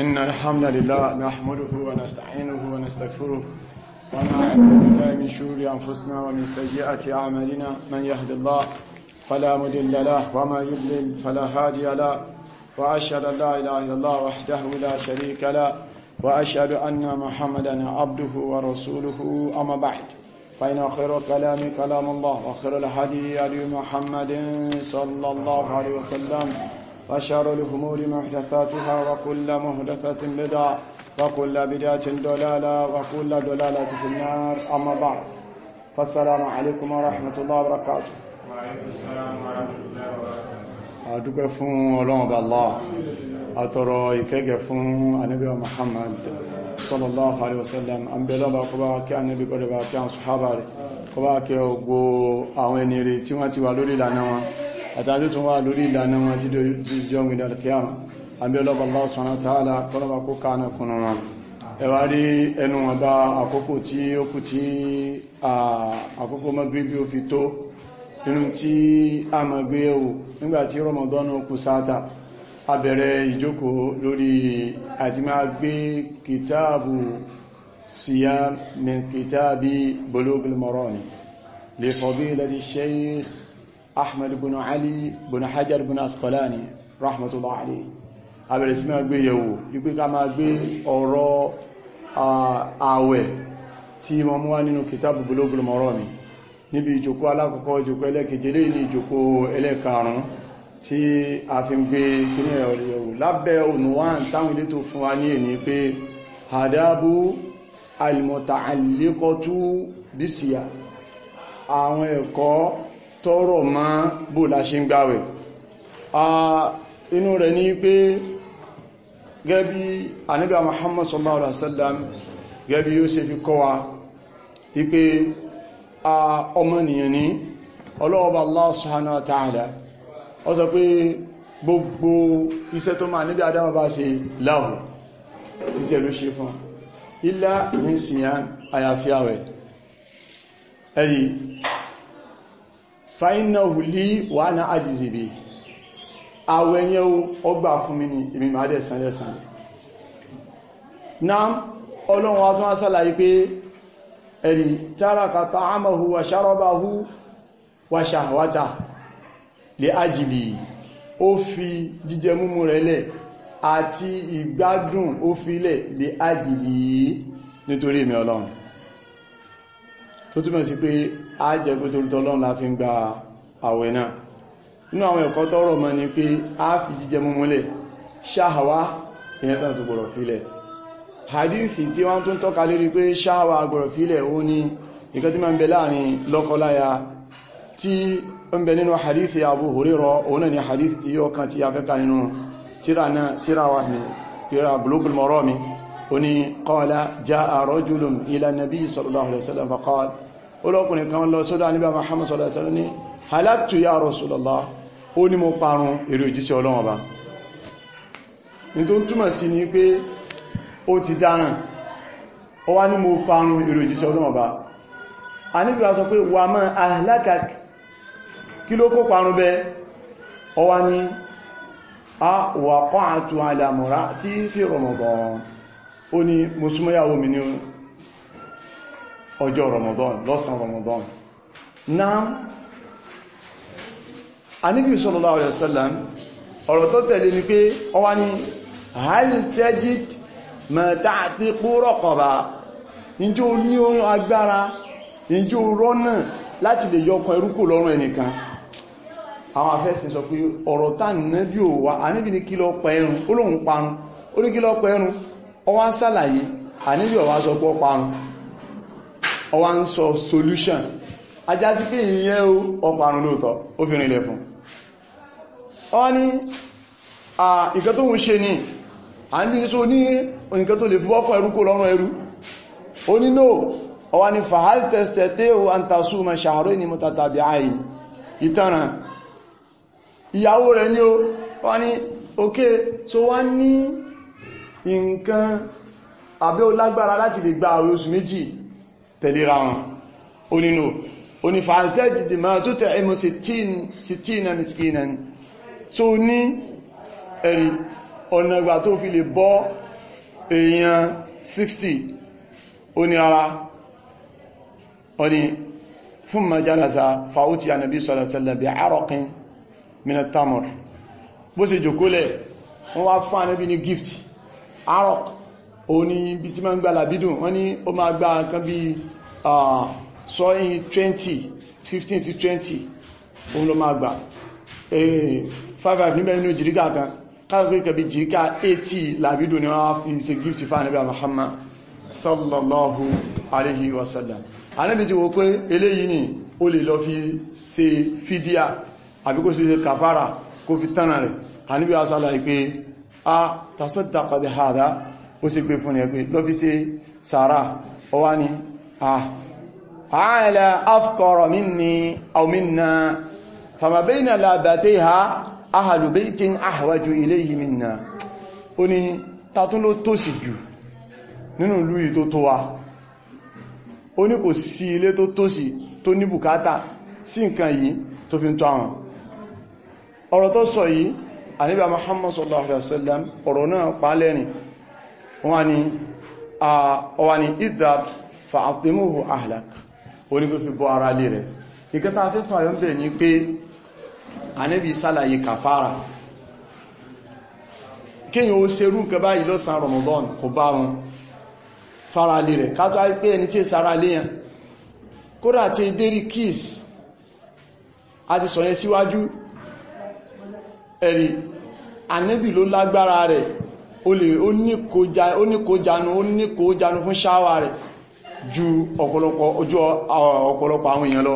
إن الحمد لله نحمده ونستعينه ونستغفره ونعوذ بالله من شرور أنفسنا ومن سيئات أعمالنا من يهد الله فلا مضل له وما يضلل فلا هادي له وأشهد أن لا إله إلا الله وحده لا شريك له وأشهد أن محمدا عبده ورسوله أما بعد فإن خير كلام كلام الله وخير الهدي هدي محمد صلى الله عليه وسلم وشر الأمور محدثاتها وكل محدثة بدعة وكل بدعة دلالة وكل دلالة في النار أما بعد فالسلام عليكم ورحمة الله وبركاته وعليكم السلام ورحمة الله وبركاته àdúgbẹ́ fún ọlọ́run bá Allah àtọrọ ìkẹ́gẹ̀ fún anábíwa Muhammad sallallahu alaihi wasallam an bẹ̀rẹ̀ lọ́bà kọba kí anábí kọ́dẹ̀ bá kí àwọn sọ̀hábà rẹ̀ kọba kí ọgbọ́ àwọn ẹni rẹ̀ tí wọ́n ti wà lórí ìlànà wọn àtàjú tún wá lórí ìlànà wọn tí jọ gbìdà alkiyama abẹ́lọ́bà Allah subhanahu wa ta'ala kọ́lọ́bà kó kánà kùnà wọn ẹwà rí ẹnu wọn bá àkókò tí ó kù tí àkókò magribi ó fi tó inú tí a ma gbé ẹwò nígbàtí Ramadan kù sáta a ìjókòó lórí àti máa gbé kìtàbù siyam min kìtàbí Bulugh al-Marami li fadilati shaykh ahmed bin ali bin hajar bin asqalani rahmatullahi alayhi abẹ̀rẹ̀ sí máa gbé yẹ̀wò wípé ká máa gbé ọ̀rọ̀ ààwẹ̀ tí wọ́n mú wá nínú kìtàbù bulugul marami níbi ìjòkó alákọ̀ọ́kọ́ ìjòkó ẹlẹ́kejì lè ní ìjòkó ẹlẹ́karùn-ún tí a fi ń gbé kíní ẹ̀rọ yẹ̀wò lábẹ́ ònúwàn táwọn ilé tó fún wa ní èní pé àdábù alìmọ̀tà àlékọ́tú àwọn ẹ̀kọ́ tọ́rọ mọ́ bó la ṣe ń gbáwẹ̀ inú rẹ̀ ní pé gẹ́bí anábí Muhammad sallallahu alaihi wasallam gẹ́bí yóò ṣe fi kọ́ wa wípé ọmọnìyàn ní ọlọ́ọ̀bà Allah subhanahu wa ta'ala ó sọ pé gbogbo iṣẹ́ tó máa níbi Ádámù bá ṣe láhù títẹ̀ ló ṣe fún ilá ìrìnsìyàn àyàfíàwẹ̀ ẹ̀yí fàínà hùlí wà náà àjìzìbì àwọ̀ ẹ̀yẹn ọgbà fún mi ní èmi máa dẹ̀ san lẹ́san náà ọlọ́run wa tún wá sálàyé pé ẹ̀rì táraka ta'amahu wa sharabahu wa shahwata lè ajìlì ó fi jíjẹ múmú rẹ̀ lẹ̀ àti ìgbádùn ó filẹ̀ lè ajìlì nítorí èmi ọlọ́run tó túnmọ̀ sí pé á jẹ́ pé torí tọ́lọ́run la fi ń gba àwẹ̀ náà nínú àwọn ẹ̀kọ́ tọ́rọ̀ mọ́ ni pé á fi jíjẹ múmúlẹ̀ ṣáhàwá ìyẹn tán tó gbọ́rọ̀ fílẹ̀ hadithi tí wọ́n tún tọ́ka lérí pé ṣáhàwá gbọ́rọ̀ fílẹ̀ ó ní ìkan tí ma ń bẹ láàrin lọ́kọláya tí ó ń bẹ nínú hadithi Abu Hurairah òun ni hadithi tí yóò kan ti afẹ́ka nínú tíra náà tíra wà ní tíra Bulughul Marami ó ní qala jaa rajulun nabi sallallahu alaihi wasallam faqala olókùnrin kan lọ sódá níbà Muhammad sallallahu alaihi wasallam ní halaktu ya Rasulullah ó ní mo parun èrè òjíṣẹ́ Ọlọ́run Ọba ní tó ń túmọ̀ sí ni pé ó ti dáràn ó wá ní mo parun èrè òjíṣẹ́ Ọlọ́run Ọba a níbi wá sọ pé wà mọ́ ahlakak ọjọ́ Ramadan lọ́sàn Ramadan now Ànábì sallallahu alaihi wasallam ọ̀rọ̀ tó tẹ̀lé ní pé ó wá hal tajid ma ta'tiqu raqaba ìjọ ní orin agbára ìjọ rọ́nà láti lè yọkan ẹrúkò lọ́rùn ẹnìkan àwọn sọ pé ọ̀rọ̀ tá ò wá ní pa parun ọwá ń sọ solution ajásí pé ìyẹn o ọpa àrùn lóòtọ́ obìnrin ilẹ̀ fún ọ ní nǹkan tó ń ṣe ní à ń bí so ní nǹkan tó lè fi wọ́pọ̀ ẹrú kó lọ́rùn ẹrú ó ní no ọwá ní fahal tẹ́sẹ̀ tẹ́ o à ń ta súnmọ̀ ṣàárọ̀ ní mọ́tàtàbí ààyè ìtanràn ìyàwó rẹ̀ ní o wá ní ok so wá ní nǹkan àbẹ́ olágbára láti lè gba àwọn oṣù méjì tẹ̀lera wọn ó nínú ó ní fàtẹ́jì dì máa tó tẹ̀ ẹmọ sí tí na miskina ni tó ní ẹ̀rì ọ̀nà ìgbà tó fi lè bọ́ èèyàn 60 ó ní ara ó ní fún majalasa fàútí ànàbí sọ̀rọ̀sẹ̀lẹ̀ bí arọ́kín minatamor bó sì jòkólẹ̀ wọ́n wá fún ànàbí ní gift arọ́kín òun ni ibi tí máa ń gba làbídùn wọ́n ní ó máa gba nǹkan bí sọ́yìn 20 15 sí 20 òun ló máa gbà 5-5 níbẹ̀ nínú jìríkà kan káàkiri kẹbi jìríkà 80 làbídùn ni wọ́n fi ṣe gift fáà níbi Muhammad sallallahu alayhi wa sallam anábi ti wo pé eléyìí ni ó lè lọ fi ṣe fídíà àbí kó ṣe kàfàrà kó fi tánà rẹ̀ anábi wa sálà a ah, tasọ́ta kọbi hada ó sì pé fún ẹgbẹ́ lọ́fíṣẹ́ sàárà ọwá ni ààlẹ̀ afkọrọ̀ minni aw minna fàmàbẹ́nà làbàtẹ́ ha ahàlùbẹ́ tí ń ahwaju ilayhi minna ó ní tatún ló tòṣì jù nínú ìlú yìí tó tó wa ó ní kò sí ilé tó tòṣì tó ní bùkátà sí nǹkan yìí ọ̀rọ̀ tó sọ yìí àníbà Muhammad sallallahu alaihi wasallam ọ̀rọ̀ náà pàálẹ́rin wọ́n ni idab fa'atimuhu ahlak oníkó fi bọ́ ara lè rẹ̀ nǹkan tàà fẹ́ fàyọ́ bẹ̀ ní pé anẹ́bí sálàyé kàfàrà kíyàn ó serú nǹkan báyìí lọ́sàn Ramadan kò bá wọn fara lè rẹ̀ ká pé ẹni tí è sára léyàn kódà tí dérí kiss a ti sọ̀yẹn síwájú ẹ̀rí anẹ́bí ló lágbára rẹ̀ ó lè ó níkojanu ó níkojanu fún ṣáwà rẹ̀ ju ọ̀pọ̀lọpọ̀ ojú ọ̀pọ̀lọpọ̀ àwọn èèyàn lọ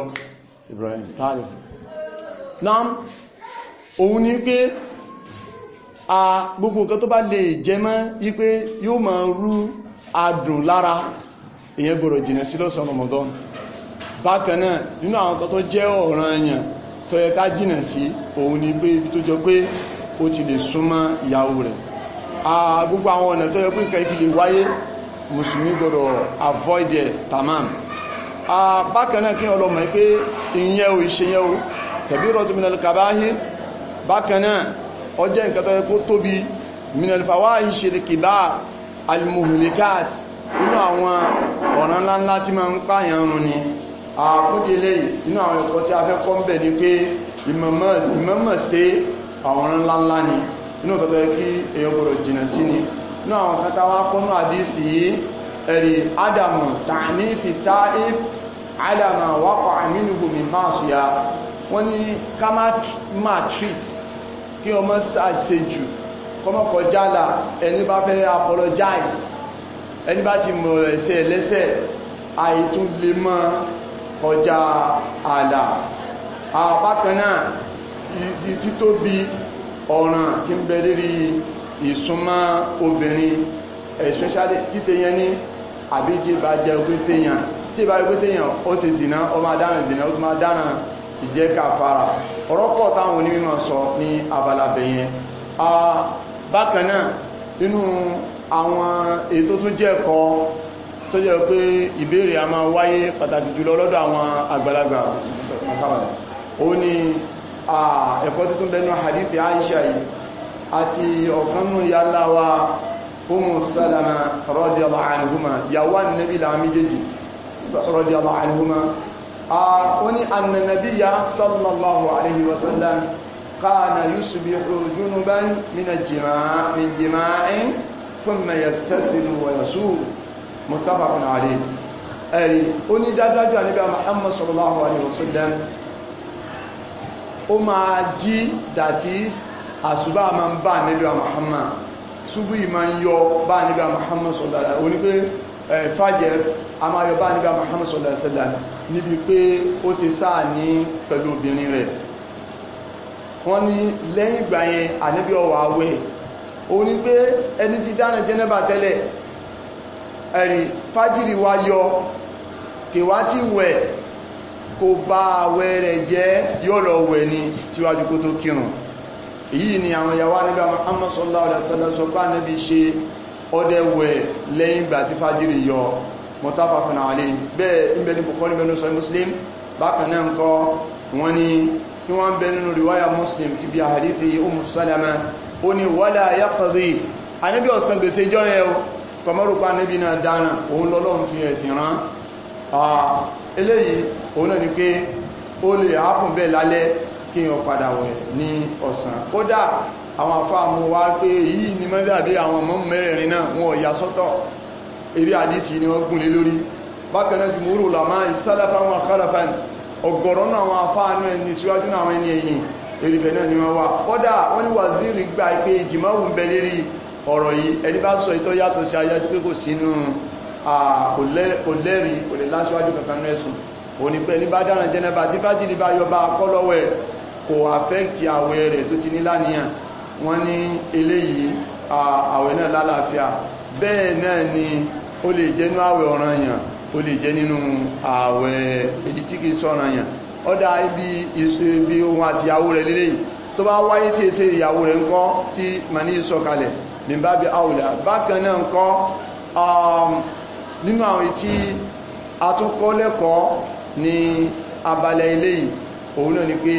Ibrahim tààlẹ̀ náà òun ni pé a gbogbo nǹkan tó bá lè jẹ mọ́ wípé yóò máa rú adùn lára èyàn gbọ́dọ̀ jìnà sí lọ́sàn Ramadan bákan náà nínú àwọn kan gbogbo àwọn ọ̀nà tó yẹ pé nǹkan ìfi lè wáyé mùsùlùmí gbọdọ̀ avoid ẹ̀ tamam bákan náà kí ọlọ́mọ pé ìyẹn o ìṣeyẹn o tẹ̀bí rọ́tù minal kàbáhí bákan náà ó jẹ́ nǹkan tó yẹ kó tóbi minal fàwáhí ṣe lè kìbá alimuhulikat inú àwọn ọ̀ràn ńláńlá tí máa ń pààyàn run ni àkúndélé inú àwọn ẹ̀kọ́ tí a fẹ́ kọ́ ń bẹ̀ ni pé ìmọ̀mọ̀ sí àwọn ọ̀ràn ńláńlá ni inú ọ̀tọ̀tọ̀ kí èyàn gbọ́rọ̀ jìnà sí ni náà àwọn kan tàwà kọ́nà àdísì yìí ẹ̀rì adamu tàní fi ta'if alama wákọ̀ àmínúhù mi máa sọ ya wọ́n ní ká máa treat kí ọmọ sàtẹ̀ jù kọmọkọ̀ jálà ẹni bá fẹ́ apologize ẹni bá ti mọ̀ ẹ̀ṣẹ̀ lẹ́ṣẹ̀ àìtún lè àlà àbákanáà títóbi ọ̀ràn tí ń bẹ lérí ìsúnmọ́ obìnrin especially títẹ̀yẹn ní àbíjìbá jẹ́ pẹ́tẹ̀yàn tí ìbá pẹ́tẹ̀yàn ó sì zìnà ó máa dáràn zìnà ó máa dáràn ìjẹ́ kàfàrà ọ̀rọ̀pọ̀ táwọn onímọ̀ sọ ní abala bẹ̀yẹn bákan náà nínú àwọn ètò tó jẹ́ ẹ̀kọ́ tó jẹ́ pé ìbéèrè ẹ̀kọ́ títún bẹnu hadithi Aisha yìí àti ọ̀kanú yálàwà Umu Salama radiyallahu anhuma yàwó annabi la méjèèjì radiyallahu anhuma ó ní annanabiya sallallahu alaihi wasallam kana yusbihu junuban min jima'in thumma yaktasilu wa yasum muttafaqun alayh ẹ̀rí ó ó máa jí that is àṣùbá máa ń bá níbi Muhammad ṣubú yìí máa ń yọ bá níbi Muhammad sọ̀dàdà ó ní pé fàjẹ́ a máa yọ bá níbi Muhammad sọ̀dàdà sẹ́dà níbi pé ó ṣe sáà ní pẹ̀lú obìnrin rẹ̀ wọ́n ní lẹ́yìn ìgbà yẹn àníbí ọwà awẹ́ o ní pé ẹni tí dáná jẹ́nẹ́bà tẹ́lẹ̀ ẹ̀rì fájìrì wá yọ kèwá tí wẹ̀ kò bá àwẹ̀ rẹ̀ jẹ́ yóò lọ wẹ̀ ni síwájú kó tó kírun èyí ni àwọn ìyàwó nígbà Muhammad sallallahu alaihi wasallam sọ bá níbi ṣe ọdẹ wẹ̀ lẹ́yìn ìgbà tí fàjírí yọ mọ́tàfàkùnà Muslim bákan náà kọ́ wọ́n ni kí wọ́n bẹ Muslim ti bí àhàríti Salama ó wala yaqdi anábí ọ̀sán gbèsè jọ́ yẹ kọmọ́rùpa anábí náà dáná òun eléyìí òun náà ni pé ó lè ápùn bẹ́ẹ̀ lálẹ́ kí yàn padà wẹ̀ ní ọ̀sán kódà àwọn afáàmù wá pé èyí ni mọ́dàbí àwọn ọmọ mẹ́rẹ̀rin náà wọn ò yà sọ́tọ̀ eré àdísì ni wọ́n gùn lé lórí bákan náà jùmúrù làmá ìsálàfà wọn àkàlàfà ọ̀gọ̀rọ̀ ni wọ́n wà kódà wọ́n ní wàzírí gbà pé ìjìmọ̀wù ń bẹ lérí ọ̀rọ̀ yìí ẹni bá sọ ìtọ́ yàtọ̀ sí ayá kò lẹ́rìí kò lè láṣíwájú kankan ní ẹ̀sìn o ní pẹ́ ní bá dáran jẹ́nẹ́bà tí bá jìdí bá yọba kọ́lọ́wẹ́ kò àfẹ́kì àwẹ̀ rẹ̀ tó ti ní láníyàn wọ́n ní eléyìí àwẹ̀ náà lálàáfíà bẹ́ẹ̀ náà ni ó lè jẹ́ nínú àwẹ̀ ọ̀ranyàn ó lè jẹ́ nínú àwẹ̀ èdè tí kìí sọ̀ranyàn ọ́dá ibi ohun àti ìyàwó rẹ̀ lélẹ́yìí tó bá wáyé tí èsè ìyàwó rẹ̀ ńkọ́ nínú àwọn tí a tún kọ́ lẹ́kọ̀ọ́ ní abalẹ̀ ilé yìí òun náà ni pé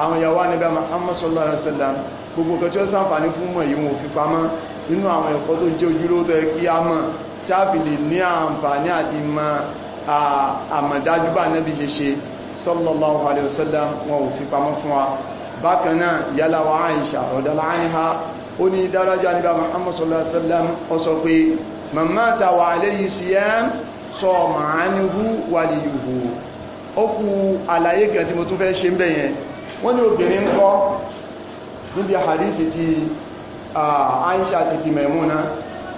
àwọn ìyàwó anẹ́bà Muhammad sallallahu alaihi wasallam gbogbo kan tí ó sàǹfàní fún mọ̀ yíò fi pamọ́ nínú àwọn ẹ̀kọ́ tó jẹ́ ojúlówó tó yẹ kí a a fi lè ní àǹfàní àti mọ̀ àmọ̀dájú bá anẹ́bì sallallahu alaihi wasallam wọn ò fi pamọ́ fún wa bákan náà yálà wa Muhammad sallallahu alaihi wasallam ó sọ pé mọ̀mọ́ta wà aléyìí siyam sọ màánihu waliyuhu ó kú àlàyé kan tí mo tún fẹ́ ṣe ń bẹ̀yẹn wọ́n ní obìnrin kọ́ níbi àhàrísì ti Aisha ti ti Maimuna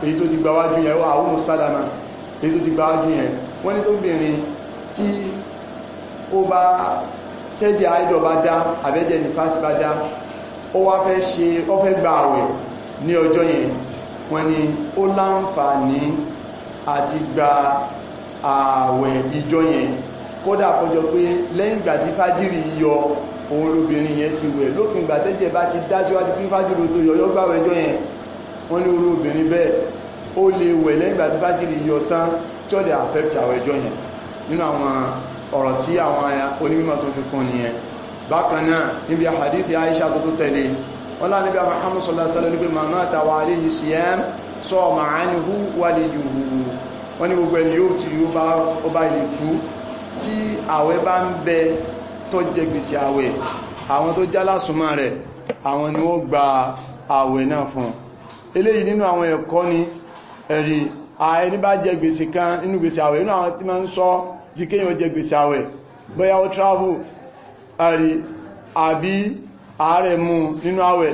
èyí tó ti gbáwájú yẹn wà áwọ́ Salama èyí tó ti gbáwájú yẹn wọ́n ní tóbìnrin tí ó bá tẹ́jẹ̀ àìdọ̀ bá dá àbẹ́jẹ̀ nífàsí bá dá ó wá fẹ́ wọ́n ní ó láǹfààní àti gba ààwẹ̀ ìjọ yẹn kódà kọjọ pé lẹ́yìn ìgbà tí fájìrì yọ òun lóbìnrin yẹn ti wẹ̀ lópin ìgbà tẹ́jẹ̀ bá ti dá síwájú kí fájìrì tó yọ yọ́gbàwẹ̀ ẹjọ́ yẹn wọ́n ní orú bẹ́ẹ̀ ó lè wẹ̀ lẹ́yìn tí fájìrì yọ tán tí ó lè affect àwẹ̀ ẹjọ́ yẹn nínú àwọn ọ̀rọ̀ tí àwọn onímọ̀ tó fi kún nìyẹn bákan náà níbi àhàdíthì Aisha tó tó tẹ̀lé wọ́n lá níbi Muhammad sallallahu alaihi wasallam níbi màmá àtàwà aléyì siyam sọ ma'anihu waliyuhu wọ́n ní gbogbo ẹni yóò tí ó bá ilé kú tí àwẹ̀ bá ń bẹ tó jẹ gbèsè àwẹ̀ àwọn tó já lásùnmọ́ rẹ̀ àwọn ni ó gba àwẹ̀ náà fún eléyìí nínú àwọn ẹ̀rí àbí ààrẹ mú nínú àwẹ̀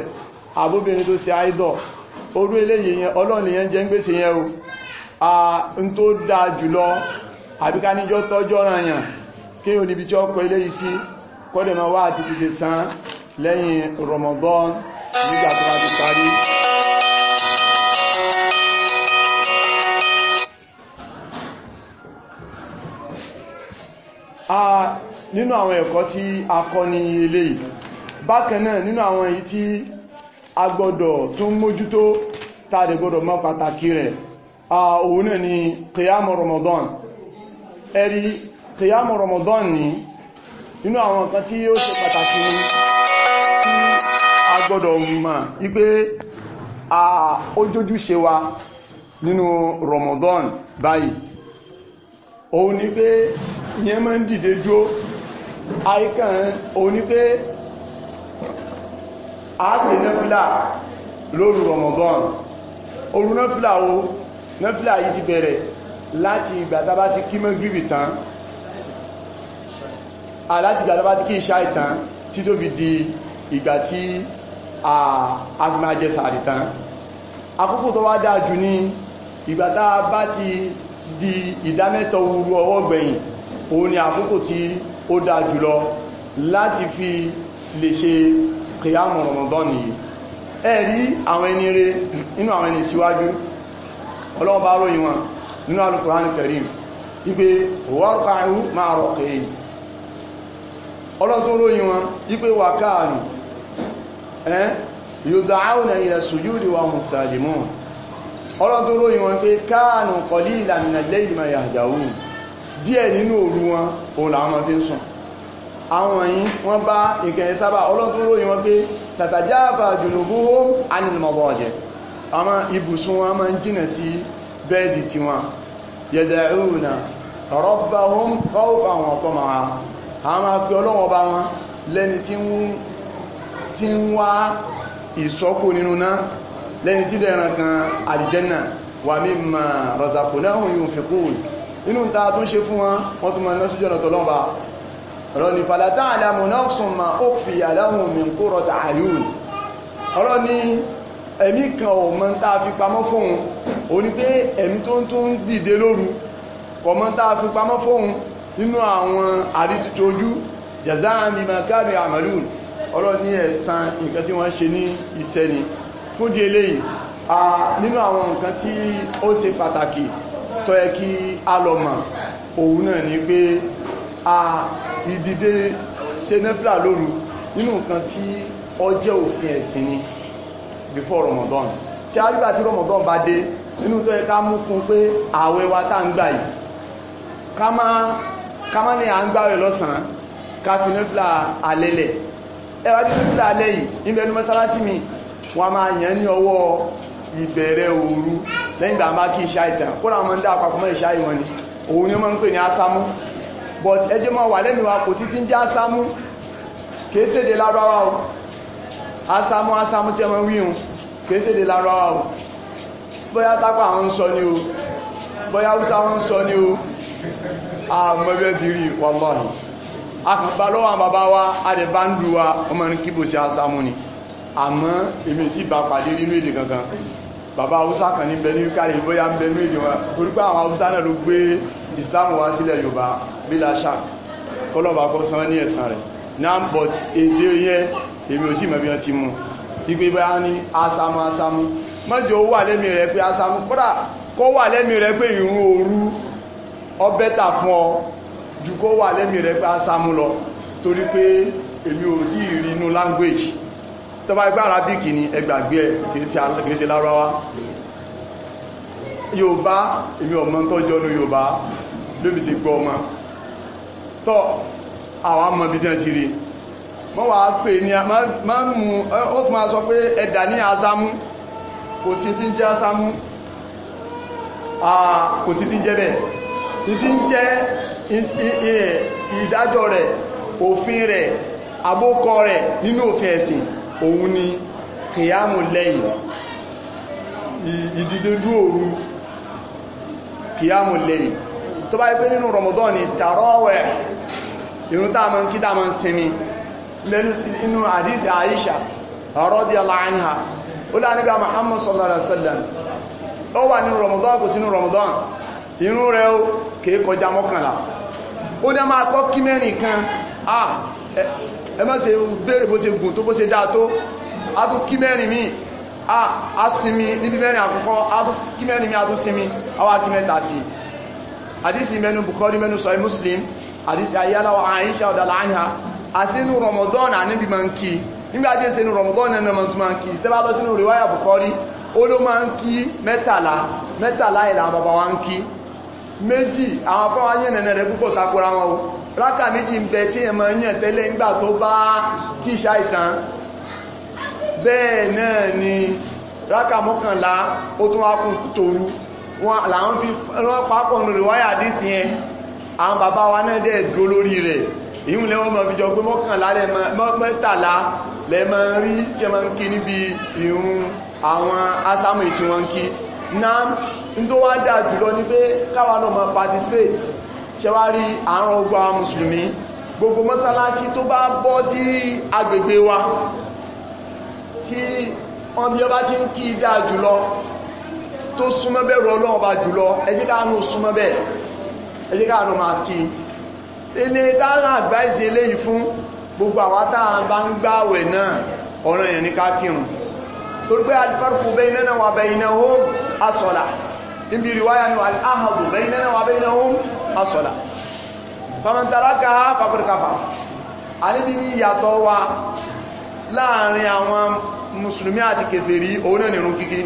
àbóbìnrin tó ṣe àìdọ̀ orú eléyìí ọlọ́ni yẹn jẹ́ ń gbèsè yẹn o a ń tó dá jùlọ àbí tọ́jọ́ ràn kí o níbi tí ó kọ eléyìí sí àti tètè lẹ́yìn Ramadan nínú àwọn ẹ̀kọ́ tí a kọ́ ní ilé yìí bákan náà nínú àwọn èyí tí a gbọ́dọ̀ tún mójútó tàbí gbọ́dọ̀ mọ̀ pàtàkì rẹ̀ òun náà ni kìyàmù Ramadan ẹ̀rí kìyàmù Ramadan ni nínú àwọn nǹkan tí ó ṣe pàtàkì ni tí a gbọ́dọ̀ mọ̀ wípé ojójúṣe wa nínú Ramadan báyìí òun ni pé ìyẹn máa ń dìde jó àìkàn òun ni pé a sì nẹ́fìlà lóru Ramadan òru nẹ́fìlà o nẹ́fìlà yìí ti bẹ̀rẹ̀ láti ìgbà tá bá ti kí mọ́gírìbì tán àláti ìgbà tá bá ti kí ìṣá ìtàn tí tó fi di ìgbà tí a fi máa jẹ sàárì tán àkókò tó wá dáa jù ní ìgbà tá bá ti di ìdámẹ́tọ̀ ooru ọwọ́ gbẹ̀yìn òun ni àkókò tí ó dáa jùlọ láti fi lè ṣe kìyàmù Ramadan nìyí ẹ̀rí àwọn ẹni rere inú àwọn ẹni síwájú Ọlọ́run bá ròyìn wọn nínú Al-Qur'an Karim ipé warqa'u ma'a raqi'in Ọlọ́run tó ròyìn wọn ipé wa kanu yud'auna ila sujudi wa ọlọ́n tó ròyìn wọn pé káànù kọlí ìlànà lẹ́yìn ma yà àjàwò díẹ̀ nínú òru wọn òun làwọn ma fi ń sùn àwọn yìí wọ́n bá ìkẹyẹ sábà ọlọ́n tó ròyìn wọn pé tàtàjáàbà jùnúbú anìlmọ̀bọ̀ ọ̀jẹ̀ àwọn ibùsùn wọn máa ń jìnà lẹ́yìn tí dẹ̀ran kan àlìjẹ́nà wà mímọ̀ razaqnahum yunfiqun inú ta tó ń ṣe fún wọn wọ́n tún ma ná sójú ọ̀nà tọ́lọ́mbà ọlọ́ni fala ta'lamu nafsun ma ukhfiya lahum min qurrati a'yun ọlọ́ni ẹ̀mí kan ò mọ̀ tá a fi pamọ́ fóun o ní pé ẹ̀mí tó ń tó ń fi pamọ́ fóun nínú àwọn àrítútù ọlọ́ni ẹ̀san nǹkan tí wọ́n ṣe ní iṣẹ́ fún di eléyìí nínú àwọn nǹkan tí ó ṣe pàtàkì tó yẹ kí a lọ mọ̀ òun náà ni pé a ìdìde senefla lóru nínú nǹkan tí ó jẹ́ òfin ẹ̀sìn ni before Ramadan tí a rígbà tí Ramadan bá dé nínú tó yẹ ká mú kún pé ààwẹ̀ wa tá ń gbà yìí ká má ní à ń gbàwẹ̀ mi wọ́n máa yàn ní ọwọ́ ìbẹ̀rẹ̀ òru lẹ́yìn gbàmbá kí ìṣá ìtàn kódà wọn dá àpapọ̀ mọ́ ìṣá ìwọ̀n ni òun ni wọ́n ń pè ní asámú but ẹjọ́ mọ́ wà lẹ́mìí wa kò títí ń jẹ́ asámú kìí séde lárọ́wà o asámú asámú tí wọ́n wíhun kìí séde lárọ́wà o bóyá tápà wọn ń sọ ni o bóyá húsá wọn ń sọ ni o àmọ́bẹ́ ti rí wàlọ́ọ̀nì akùnbalọ́wà bàbá wa adẹ̀bá ń lu wa ọmọ ní kíbòsí asámú ni àmọ́ èmi tí bá pàdé nínú èdè gangan bàbá haúsá kan ní bẹni kárí bóyá ń bẹnu èdè wọn torípé àwọn haúsá náà ló gbé islam wá sílẹ̀ yorùbá bílá shark kọlọ́bà kọ́ san ní ẹ̀sàn rẹ̀ náà but èdè yẹn èmi ò sí mẹ́bí wọn ti mú ipe bóyá ní asamu asamu mọ́jọ ó wà lẹ́mí rẹ̀ pé asamu kódà kó wà lẹ́mí rẹ̀ pé ìrún òru ọbẹ́ta fún ọ ju kó wà lẹ́mí rẹ̀ pé asamu lọ torí pé èmi ò tí ì rí inú language tó bá gbá arabic ni ẹgbàgbé ẹ kìí ṣe lárọ́wá Yorùbá èmi ọmọ tọ́jọ́ ní Yorùbá lóbi sí gbọ́ ọmọ tọ́ àwọn ọmọ ibi tí wọ́n ti rí mọ́ wà á pè ní máa ń mú ó tún máa sọ pé ẹ̀dà ní asámú kò sí tí ń jẹ́ asámú kò sí tí ń jẹ́ bẹ́ẹ̀ tí ń jẹ́ ìdájọ́ rẹ̀ òfin rẹ̀ àbókọ rẹ̀ nínú òfin ẹ̀sìn òun ni kìyàmù lẹ́yìn ìdídédú òru kìyàmù lẹ́yìn tó bá ipé nínú Ramadan ni tàrọ́wẹ̀ irun táàmà kí táàmà sinmi lẹ́nu inú àdíjà Aisha radiyallahu anha ó lánibà Muhammad sallallahu alaihi wasallam ó wà nínú Ramadan kò sínú Ramadan irun rẹ̀ ó kèé kọjá mọ́kànlá ó dá máa kọ́ ẹ má ṣe béèrè bó ṣe gùn tó bó ṣe dáa tó a tún kí mẹ́rin míì a sinmi níbi mẹ́rin àkọ́kọ́ a tún kí mẹ́rin míì a tún sinmi a wá kí mẹ́ta sí àdísì mẹ́nu Bukhari mẹ́nu sọ Muslim àdísì ayáláwọ̀ Aisha ọ̀dàlá àyà àsínú Ramadan àníbi máa ń kí nígbà tí ìsinú Ramadan náà máa tún máa ń kí tẹ́bá lọ sínú rìwáyà Bukhari ó ló máa ń kí mẹ́tàlá mẹ́tàlá ìlànà bàbá wa ń kí méjì àwọn afọ́wáyẹ̀ nẹ̀nẹ̀ rẹ̀ púpọ̀ takora wọn o rákà méjì ń bẹ tí ẹmọ yàn tẹ́lẹ̀ ńgbà tó bá kí ìṣá ìtàn bẹ́ẹ̀ náà ni rákà mọ́kànlá ó tún wá kún tòru wọn fi wọ́n pápọ̀ nù rẹ̀wáyà dìsí yẹn àwọn bàbá wa náà dẹ̀ dúró lórí rẹ̀ ìhun lẹ́wọ́n mọ̀ fi jọ pé mọ́kànlá mẹ́tàlá lẹ́mọ̀ rí tí wọ́n ń kí níbi ìhun àwọn asámù tí wọ́n ń kí náà ń tó wá dáa jùlọ ní pé káwa náà mọ̀ participate ṣẹwárí àrùn ogun àwọn mùsùlùmí gbogbo mọ́sálásí tó bá bọ́ sí agbègbè wa tí wọ́n bí ọba ti ń kí dá jùlọ tó súnmọ́ bẹ̀rù ọlọ́run bá jùlọ ẹjíkáàánú súnmọ́ bẹ̀ ẹjíkáàánú máa kí ilé dára àgbáìsí eléyìí fún gbogbo àwátá bá ń gbáwẹ̀ náà ọ̀ràn yẹn wa baynahum asọ́lá wa baynahum asọ́là fàmàntàràkà fàkùrùkàfà àníbi ní ìyàtọ̀ wa láàrin àwọn mùsùlùmí àti kèfèrí òun náà nìrún kíkí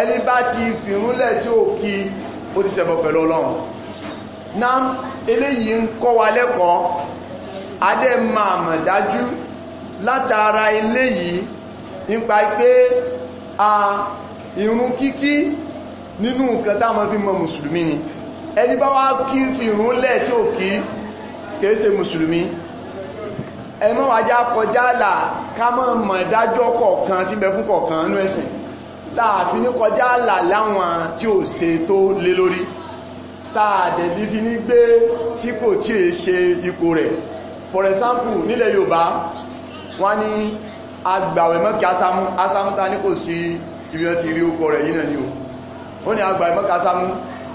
ẹni bá ti fìrúnlẹ̀ tí ó kí ó ti ṣẹbọ pẹ̀lú ọlọ́run náà eléyìí ń kọ́ wa lẹ́kọ̀ọ́ adé máa dájú látara eléyìí nípa pé a ìrún kíkí nínú nǹkan táwọn fi mọ̀ mùsùlùmí ni ẹni bá wá kí fi ìrún lẹ̀ tí ò kí kìí ṣe mùsùlùmí ẹmọ́ wájá kọjá là ká mọ́ mọ̀ dájọ́ kọ̀ọ̀kan tí bẹ fún kọ̀ọ̀kan nú ẹ̀sìn láàfin ní kọjá là láwọn tí ò ṣe tó lé lórí táàdẹ̀ ní fi ní gbé tí kò tí è ṣe ipò rẹ̀ for example nílẹ̀ Yorùbá wọ́n ní agbàwẹ̀ mọ́kí asámú asámú ta ní kò sí ibi wọ́n ti rí ó kọ rẹ̀ yìí náà ni ó ní agbàwẹ̀ mọ́kí asámú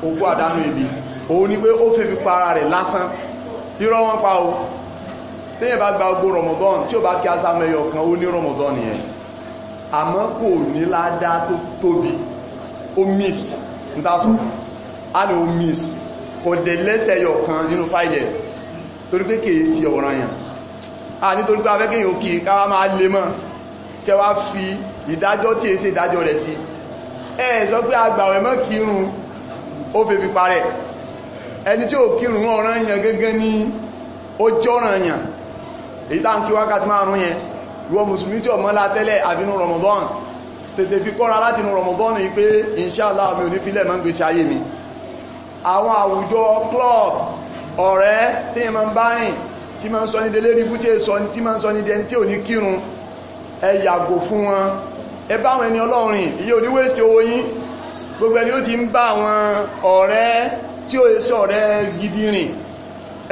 òkú àdánù ibi òun ni pé ó fẹ́ fi para rẹ̀ lásán irọ́ wọn pa o téèyàn bá gba gbogbo Ramadan tí ó bá kí asámọ ẹyọ kan ó ní Ramadan nìyẹn àmọ́ kò ní ládá tó tóbi ó miss ń tásùn á ní ó miss kò dẹ̀ lẹ́sẹ̀ ẹyọ kan nínú fáìlẹ̀ torí pé kèé sí ọ̀ràn yàn a nítorí pé afẹ́kẹ́yìn òkè káwà máa lè mọ́ kẹwàá fi ìdájọ́ tí èsì ìdájọ́ rẹ̀ sí ẹ̀ sọ pé agbàwẹ̀ mọ́ kírun ó fèfì parẹ̀ ẹni tí ó kírùn ọ̀ràn yàn gẹ́gẹ́ ní ó jọ́ràn yàn èyí tá ń kí wákàtí márùn yẹn ruọ musulmi tí ọmọ látẹ́lẹ̀ àbínú Ramadan tètè fi kọ́ra láti inú Ramadan yìí pé inṣàlá mi ò ní filẹ̀ mọ́ gbèsè ayé mi àwọn àwùjọ club ọ̀rẹ́ tí yẹn máa ń bá rìn tí máa ń sọ ní délé ríbú tí máa ń sọ ní dẹni tí ò ní kírun ẹ yàgò fún wọn ẹ bá ẹni ọlọ́rin iye oníwèsè owó yín gbogbo ẹni ó ti ń bá àwọn ọ̀rẹ́ tí ó sọ ọ̀rẹ́ gidi rìn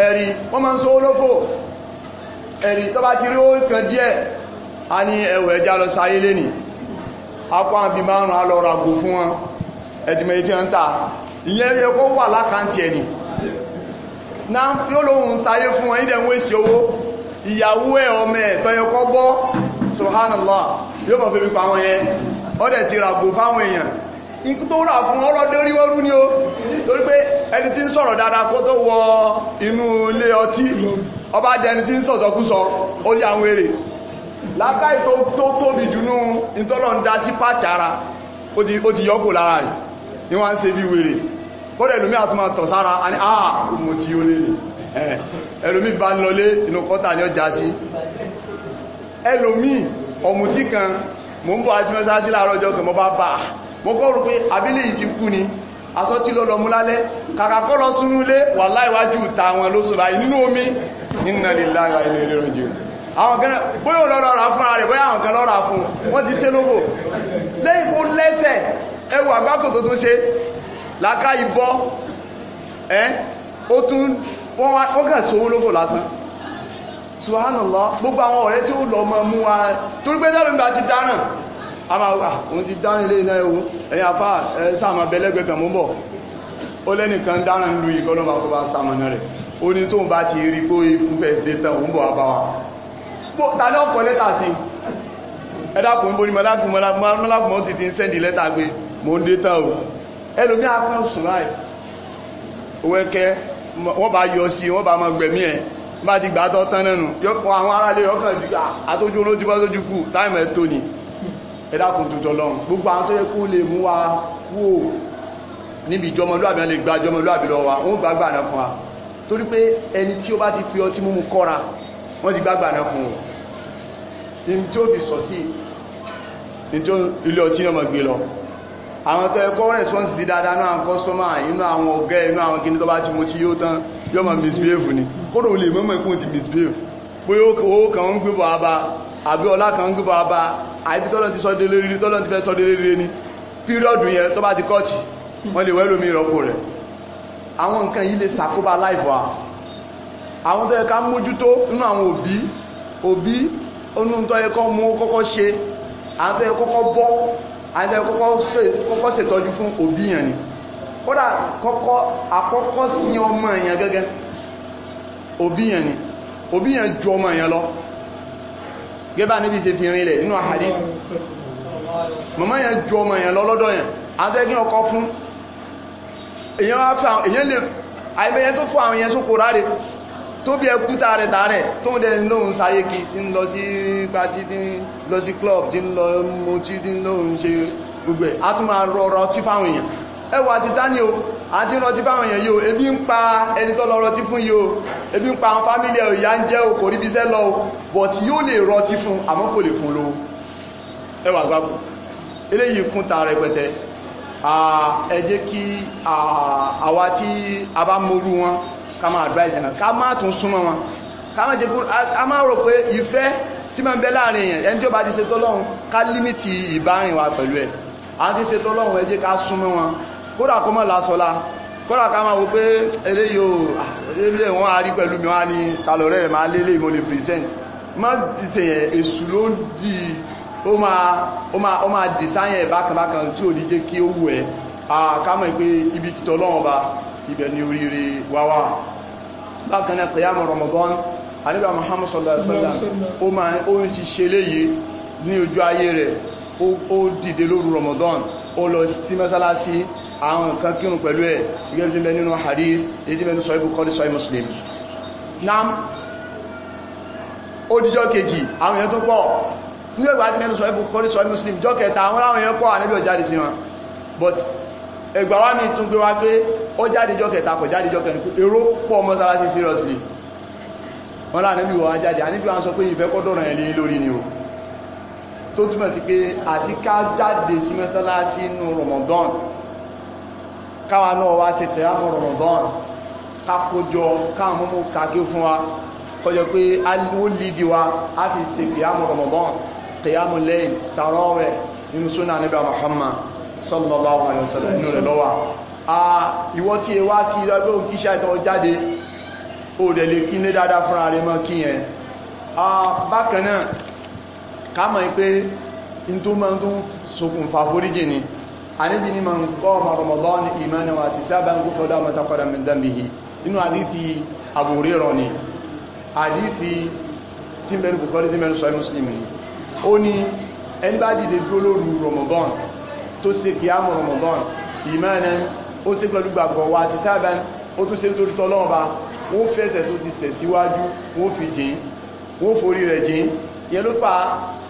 ẹ̀rí wọ́n máa ń sọ olóko ẹ̀rí tó bá ti rí ó kan díẹ̀ a ní ẹwẹ̀ ẹja lọ sáyé lé ní apá àbí márùn-ún alọ́ra gò fún wọn ẹ̀tìmọ̀ tí wọ́n ń ta ìyẹn wà lákàntì ẹ̀ subhanallah yóò mọ̀ fi pípa wọn yẹn ọdẹ̀ ti ràgbò ikú tó rà fún ọlọ́dẹ orí wọ́rú ni ó torí pé ẹni tí ń sọ̀rọ̀ dáadáa kó tó wọ inú ilé ọtí ọba jẹ́ ẹni tí ń sọ̀tọ̀kúsọ ó yà ń wèrè lákàí tó tóbi dùnú ìtọ́lọ̀ ń dá sí pàtì ara ó ti yọ́kò lára rẹ̀ ni wọ́n ń ṣe bí wèrè kọ́dẹ̀ ẹlòmí àtúmọ̀ tọ̀ sára ní àà ah, mo ti yó lérè ẹlòmí bá ń lọlé inú kọ́tà ni ó já sí ẹlòmí ọ̀mùtí kan mò ń bọ̀ àti mẹ́sàásí láàárọ̀ ọjọ́ kan mọ́ bá bá a mo kọ́ rò pé abílẹ̀ yìí ti kú ni aṣọ tí ló lọ mú lálẹ́ kàkà kọ́ lọ sínú ilé wà láìwájú ta wọn ló sọ̀rọ̀ àyè nínú omi inna lillahi wa inna ilaihi raji'un àwọn kan bóyá ò lọ́rọ̀ ra fúnra rẹ̀ bóyá àwọn kan lọ́rọ̀ ra fún wọ́n ti ṣe lóko lẹ́yìn kó lẹ́sẹ̀ ẹwù àgbákò tó tó ṣe láká ìbọ́ ẹ́ ó tún wọ́n kàn sówó lóko lásán subhanallah gbogbo àwọn ọ̀rẹ́ tí ó lọ mọ́ mú wa torí pé sẹ́lùmí bá ti dáràn a máa wà òun ti dáhùn ilé iná ẹ̀wò ẹ̀yà fà ẹ̀ sáàmà bẹ́lẹ́gbẹ̀gbẹ̀ mú bọ̀ ó lẹ́nìkan dáhùn lu ìkọlọ́mà kó bá sàmọ̀nà rẹ̀ ó ní tóun bá ti rí pé ikú fẹ́ dé tán òun bọ̀ abá wa tàbí ọkọ̀ lẹ́tà sí ẹ̀dàkùn bó ni mọ́lákùnmọ́ ti ti ń sẹ́ndì lẹ́tà gbé mò ń dé tán o ẹlòmí akọ́ sùn láì owó ẹkẹ́ wọ́n bá yọ sí wọ́n bá mọ gbẹ̀mí ẹ̀ bá ti gbà tọ́ tán nẹ́nu àwọn aráalé ọkàn àtójú olójú bá tójú kù táìmù ẹ̀ tó ni ẹ̀dàkùn tuntun lọ́n gbogbo àwọn tó yẹ kó lè mú wa wò níbi ìjọmọlúàbí wọn lè gba ìjọmọlúàbí lọ wa wọn gbàgbà náà fún wa torí pé ẹni tí ó bá ti fi ọtí múmu kọ́ra wọ́n ti gbàgbà náà fún un ní tí ó fi sọ sí ní tí ó ilé ọtí náà mọ̀ gbé àwọn tó ẹkọ́ rẹ̀spọ́nsì sí dáadáa náà kọ́sọ́mà inú àwọn ọ̀gá inú àwọn kìíní tó bá ti mú tí yóò tán yóò mọ̀ misbehave ni kódò lè mọ́mọ́ ikú ti misbehave pé ó kàn ń gbébọ̀ àbá àbí ọlá kan ń gbé bàbá àbí tọ́lọ́n ti sọ délé rí tọ́lọ́n ti fẹ́ sọ délé rí ni pírọ̀dù yẹn tó bá ti kọ́ọ̀tì wọ́n lè wẹ́lò mi rọ́pò rẹ̀ àwọn nǹkan yìí lè ṣàkóbá láìbọ̀ à àwọn tó yẹ ká mójútó nínú àwọn òbí òbí onú tó yẹ kọ́ mú kọ́kọ́ ṣe àwọn tó yẹ kọ́kọ́ bọ́ àwọn tó yẹ kọ́kọ́ ṣètọ́jú fún òbí yẹn ni kódà kọ́kọ́ àkọ́kọ́ sí ọmọ yẹn gẹ́gẹ́ òbí yẹn ni òbí yẹn ju ọmọ yẹn lọ gẹ́bà níbi ṣe fi rinlẹ̀ nínú àhàdí màmá yẹn ju ọmọ yẹn lọ lọ́dọ̀ yẹn atẹ́gìn ọkọ fún èyàn wá fún èyàn lè àìbẹ̀yẹn tó fún àwọn èyàn sókò ráre tó bí ẹkú tààrẹ tààrẹ tó ń dẹ̀ lóhun sáyé kí tí ń lọ sí pàtí tí ń lọ sí club tí ń lọ mú tí ń lóhun ṣe gbogbo ẹ̀ á tún máa rọrọ tí fáwọn èyàn ẹwà sítání o àti ìrántí fáwọn èèyàn yóò ebi ń pa ẹni tó lọ rọtí fún yóò ebi ń pa àwọn fámílì ẹ̀ ìyá ń jẹ́ o rí bí lọ o but yóò lè rọtí fún àmọ́ kò lè fún lówó ẹwà gbàgbọ́ eléyìí kún ta rẹpẹtẹ ẹ jẹ́ kí àwa tí a bá morú wọn ká máa advise náà ká máa tún súnmọ́ wọn ká máa jẹ́ a máa rò pé ìfẹ́ tí máa ń bẹ láàrin èèyàn ẹni tí ó bá ti ṣe tọ́lọ́run wa pẹ̀lú ẹ̀ àwọn tí ṣe tọ́lọ́run kódà kó mọ́ lásọ́lá kódà ká máa wo pé eléyò ilé ah, wọn a rí pẹ̀lú mi wá ní talọ̀rẹ́ rẹ̀ máa lélẹ̀ mo lè present má ṣe yẹn èṣù ló ń di ó máa ó máa ó máa dìsáyẹ̀ bákanbákan tí ò ní jẹ́ kí ó wù ẹ́ àkámọ̀ pé ibi títọ́ lọ́wọ́ ba ibẹ̀ ni oríire wáwá bákan náà kìyàmù Ramadan anígbà Muhammad sallallahu alaihi wasallam ó ń ṣiṣẹ́ léyìí ní ojú ayé rẹ̀ ó dìde lóru Ramadan ó lọ sí mẹ́sálásí àwọn nǹkan kírun pẹ̀lú ẹ̀ gẹ́gẹ́ bí nínú hadith èyí tí mẹ́nu sọ ibù kọ́ sọ Muslim nam ó dijọ́ kejì àwọn èèyàn tó pọ̀ nílò ìgbà tí mẹ́nu sọ ibù kọ́ sọ Muslim jọ́ kẹta àwọn láwọn èèyàn pọ̀ àníbí ọjáde sí wọn but ẹgbà wá mi tún gbé wá pé ó jáde jọ́ kẹta kò jáde jọ́ kẹta èrò pọ̀ mọ́sálásí seriously wọ́n láàrín bí wọ́n á jáde àníbí wọ́n sọ pé ìfẹ́ kọ́dọ̀rọ̀ ẹ̀ lórí ni tó túmọ̀ sí pé àti ká jáde sí mọ́sálásí inú Ramadan káwa náà wá sí tẹ̀yàmù Ramadan ká kójọ káwọn mú kàkí fún wa kọjọ pé ó lìdí wa a fi ṣe tẹ̀yàmù Ramadan tẹ̀yàmù lẹ́yìn tààrọ̀wẹ̀ nínú súnà níbà Muhammad sallallahu alaihi wasallam inú rẹ̀ lọ́wà ìwọ tí ẹ wá kí lọ́gbọ́n kí ṣàìtàn jáde ó dẹ̀ lè kí ní dáadáa fúnra rẹ̀ mọ́ kí káàmọ̀ pé in tó máa tó ṣokùnfà foríjì ni a níbi ní ma ń kọ́ ọmọ Ramadan ìmáni wa ti sábà ń gúfọ́dá mọ́takọ́dá mẹ́dánbìhì inú àdífi àbúrírọ ni àdífi tí mẹ́rin kòkọ́rí tí mẹ́rin sọ Muslim ni ó ní ẹni bá dìde dúró lóru Ramadan tó ṣe kí á mọ̀ Ramadan ìmáni ó ṣe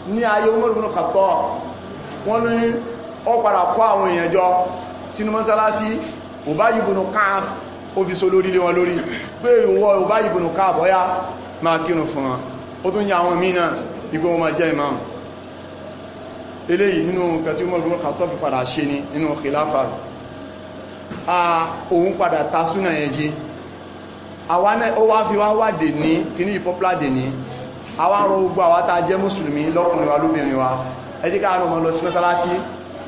ní ayé Umar ibn Khattab wọ́n ní ó padà kó àwọn èèyàn jọ sínú mọ́sálásí Ubay ibn Ka'b ó fi so lórí lé wọn lórí pé ìwọ Ubay ibn Ka'b bọ́yá máa kírun fún wọn ó tún yẹ àwọn míì náà ìgbé wọn máa jẹ́ imam eléyìí nínú nǹkan tí Umar ibn fi padà ṣe ni nínú khilafa àwọn arọ ogun àwátá jẹ́ mùsùlùmí lọ́kùnrin wa lóbìnrin wa ẹjí káàrùn ọmọ lọ sí mẹ́sálásí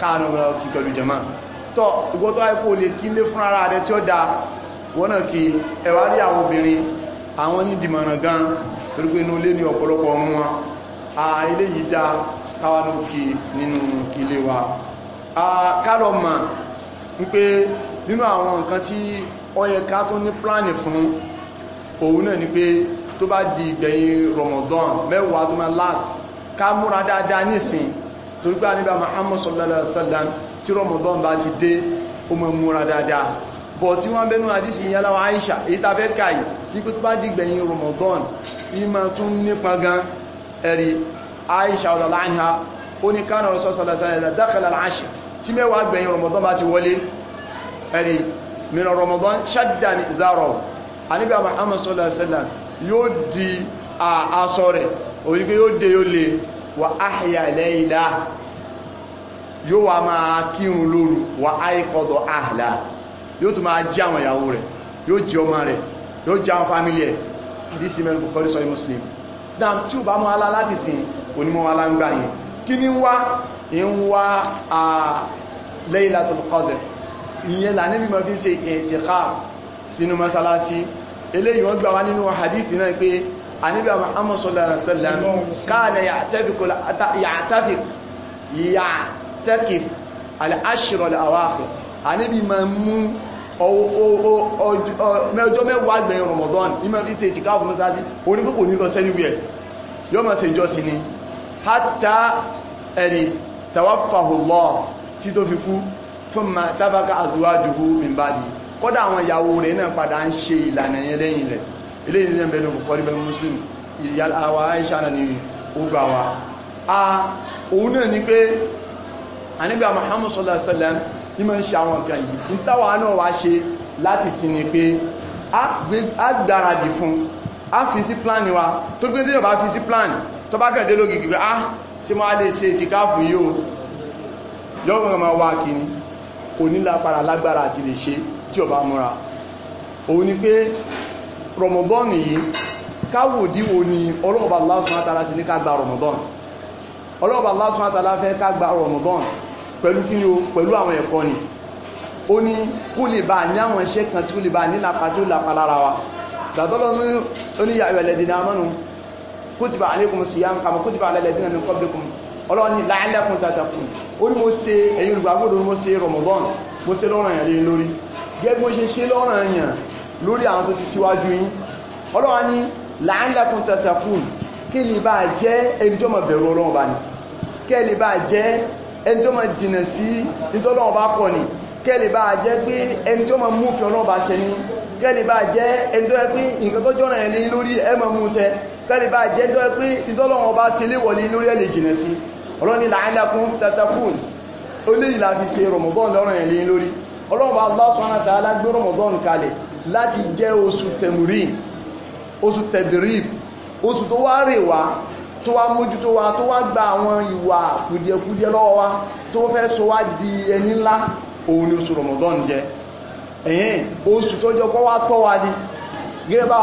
káàrùn ọmọ kí pẹ̀lú jẹma tọ́ ìgbọ́ tó lè kí lé fún ara rẹ tí ó da wọ́nà kí ẹwà rí àwọn obìnrin àwọn ní dìmọ̀ràn gan torí pé inú ilé ní a ilé yìí dá káwà ló kí nínú ilé wa tó bá di ìgbẹ̀yìn Ramadan mẹ́wàá tó máa last ká múra dáadáa nísìn torí pé àníbà Muhammad sallallahu alaihi wasallam tí Ramadan bá ti dé ó máa múra dáadáa bọ̀ tí wọ́n bẹ́nu àdísì ìyáláwà Aisha èyí tàbẹ́ káyì wípé tó bá dìgbẹ̀yìn Ramadan ìmọ̀ tún nípa gan ẹ̀rí Aisha ọ̀lọ́lá àyà ó ní kánà rọ̀sọ́ sọ̀lọ̀sọ̀lọ̀ dákàlà àṣì tí mẹ́wàá gbẹ̀yìn Ramadan bá sallallahu alaihi wasallam yóò di aṣọ rẹ̀ òyí pé yóò dé yóò lè wà áhìyà lẹ́ìlá yóò wà máa kírun lóru wà áìkọ́dọ̀ àhìlá yóò tún máa jí àwọn ìyàwó rẹ̀ yóò jí ọmọ rẹ̀ yóò jí àwọn fámílì ẹ̀ àdísí mẹ́rin Bukhari sọ Muslim dáa tí ó bá mọ́ alá láti sin onímọ̀ aláǹgbà yìí kí ní wá ń wá à Laylatul Qadr ìyẹn là níbi mọ́ fi ń ṣe ẹ̀tìká sínú mọ́sálásí eléyìí wọ́n gbà wá nínú hadith náà pé àníbà Muhammad sallallahu alaihi wasallam kana ya'takif al-ashr al-awakhir àníbì máa mú ọjọ́ mẹ́wàá gbẹ̀yìn Ramadan ìmọ̀ fi ṣe ìtìkáàfù mọ́sáàtì onípòpò ní lọ fún ma tábàkà azwajuhu min ba'di kọ́dà àwọn ìyàwó rẹ̀ náà padà ń ṣe ìlànà yẹn lẹ́yìn rẹ̀ ilé ìlú ẹ̀bẹ̀ ní bukori bẹ̀rẹ̀ muslim ìyàwó aisha náà ni ó gbà a òun náà ni pé anábíà muhammad sallallahu alaihi wasallam ní ma ń ṣe àwọn a gbáradì a fi sí plan wa tó gbé tí yóò bá a tí ah, mo á lè ṣe ìtìkáàfù yóò yọ́ mọ̀ wá tí ó bá múra òun ni pé rọmọdọ́nù yìí káwòdíwò ni ọlọ́ọ̀bà Allah subhanahu wa ta'ala ti ní ká gba rọmọdọ́nù ọlọ́ọ̀bà Allah subhanahu wa ta'ala fẹ́ ká gba rọmọdọ́nù pẹ̀lú kí ni o pẹ̀lú àwọn ẹ̀kọ́ ni ó ní kó lè bá ní àwọn iṣẹ́ kan tí ó lè bá nílapa tí ó lapa lára wa dàtọ́lọ́ kutiba alaykum siyam kama kutiba ala alladhina min qablikum ọlọ́ni la'allakum tattaqun ó ní mo ṣe ẹ̀yin olùgbàgbọ́dọ̀ mo ṣe rọmọdọ́nù mo ṣe lọ́rọ̀ ìyàlẹ́ lórí gẹ́gẹ́ bó ṣe ṣe lọ́ràn èèyàn lórí àwọn tó ti síwájú yín ọlọ́wà ní la'allakum tattaqun kí lè bá jẹ́ ẹni tó mọ̀ bẹ̀rù ọlọ́wọ́ bá ní kẹ́ lè bá jẹ́ ẹni tó mọ̀ jìnà sí nítọ́lọ́wọ́ bá kọ̀ ní kẹ́ lè bá jẹ́ pé ẹni tó mọ̀ múfin ọlọ́wọ́ bá ṣẹ ní kẹ́ lè bá jẹ́ ẹni tó pé nǹkan tó jọ́nà ẹni lórí ẹmọ̀ múṣẹ kẹ́ lè bá jẹ́ tó pé nítọ́lọ́wọ́ bá ṣe léwọ̀lé lórí ẹ̀ lè jìnà sí ọlọ́ni la'allakum tattaqun ó lè ìlàfi ṣe rọ̀mọ̀bọ́n lọ́rọ̀ ẹ̀ lórí ọlọ́run bá Allah subhanahu wa ta'ala gbé Ramadan kalẹ̀ láti jẹ́ oṣù tẹ̀mùrí oṣù tẹ̀dìrìb oṣù tó wá rè wá tó wá mójútó wa tó wá gba àwọn ìwà kùdìẹ̀kùdìẹ̀ lọ́wọ́ wa tó fẹ́ sọ wá di ẹni ńlá òun ni oṣù Ramadan jẹ́ ẹ̀yìn oṣù tó jọ kọ́ wá tọ́ wa di gẹ́gẹ́ bá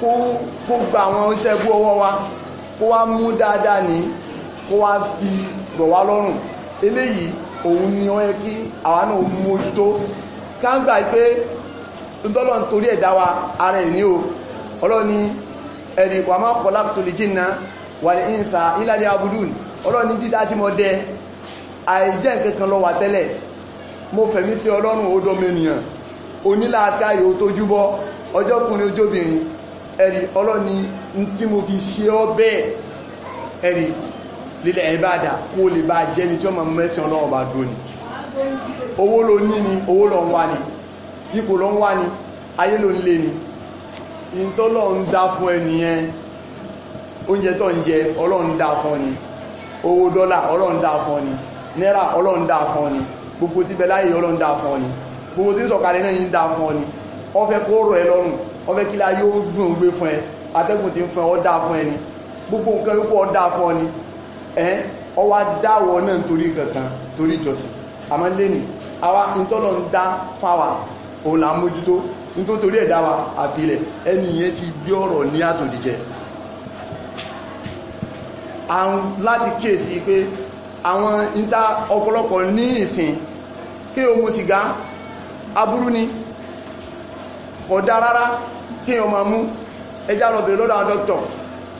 kó gba àwọn iṣẹ́ bú ọwọ́ wa kó wá mú dáadáa ní kó wá fi rọ̀ wá lọ́rùn eléyìí òun ni wọ́n yẹ kí àwa náà ojútó káńgbà pé ntọ́lọ̀ ń torí ẹ̀dá wa ara ẹ̀ ní o ọlọ́ni ẹ̀rì wà máa kọ̀ lè jìnnà wà ní ìsà ìlàlẹ̀ abudun ọlọ́ni dídá tí mo dẹ àìjẹ́ nǹkankan lọ wà tẹ́lẹ̀ mo fẹ̀mí sí ọlọ́run onílàáká yóò fi ṣe ọ lílẹ̀ ìbádà kó lè bá jẹ́ ní tí ó ma mẹ́sàn náà bá dúró ní owó ló ní ni owó lọ ń wá ní ipò lọ ń wá ní ayé ló ń lé ní ìntọ́lọ̀ ń dá fún ẹniyẹn oúnjẹ tó ń jẹ ọlọ́run dá fún ni owó dọ́là ọlọ́run dá fún ni náírà ọlọ́run dá fún ni gbogbo tí bẹláyé ọlọ́run dá fún ni gbogbo tí sọ̀kalẹ̀ náà yìí dá fún ni wọ́n fẹ́ ẹ lọ́rùn wọ́n fẹ́ yóò dùn gbé fún ẹ atẹ́gùn ti fún ẹ ọ́ dá fún ẹ ni gbogbo nǹkan yóò kó ọ dá fún ni ẹ́ ọwá dáwọ náà torí kankan torí ìjọsìn àmọ́ lẹ́nì àwa ìtọ́lọ̀ ń dá fáwà òun là ń mójútó nítorí torí ẹ̀dá wa àfilẹ̀ ẹni yẹn ti gbé ọ̀rọ̀ ní àtòdìjẹ láti kíyèsí pé àwọn ìta ọ̀pọ̀lọpọ̀ ní ìsìn kí o mu sìgá aburú ni ọ̀dá rárá kí o máa mú ẹjá lọ bèèrè lọ́dọ̀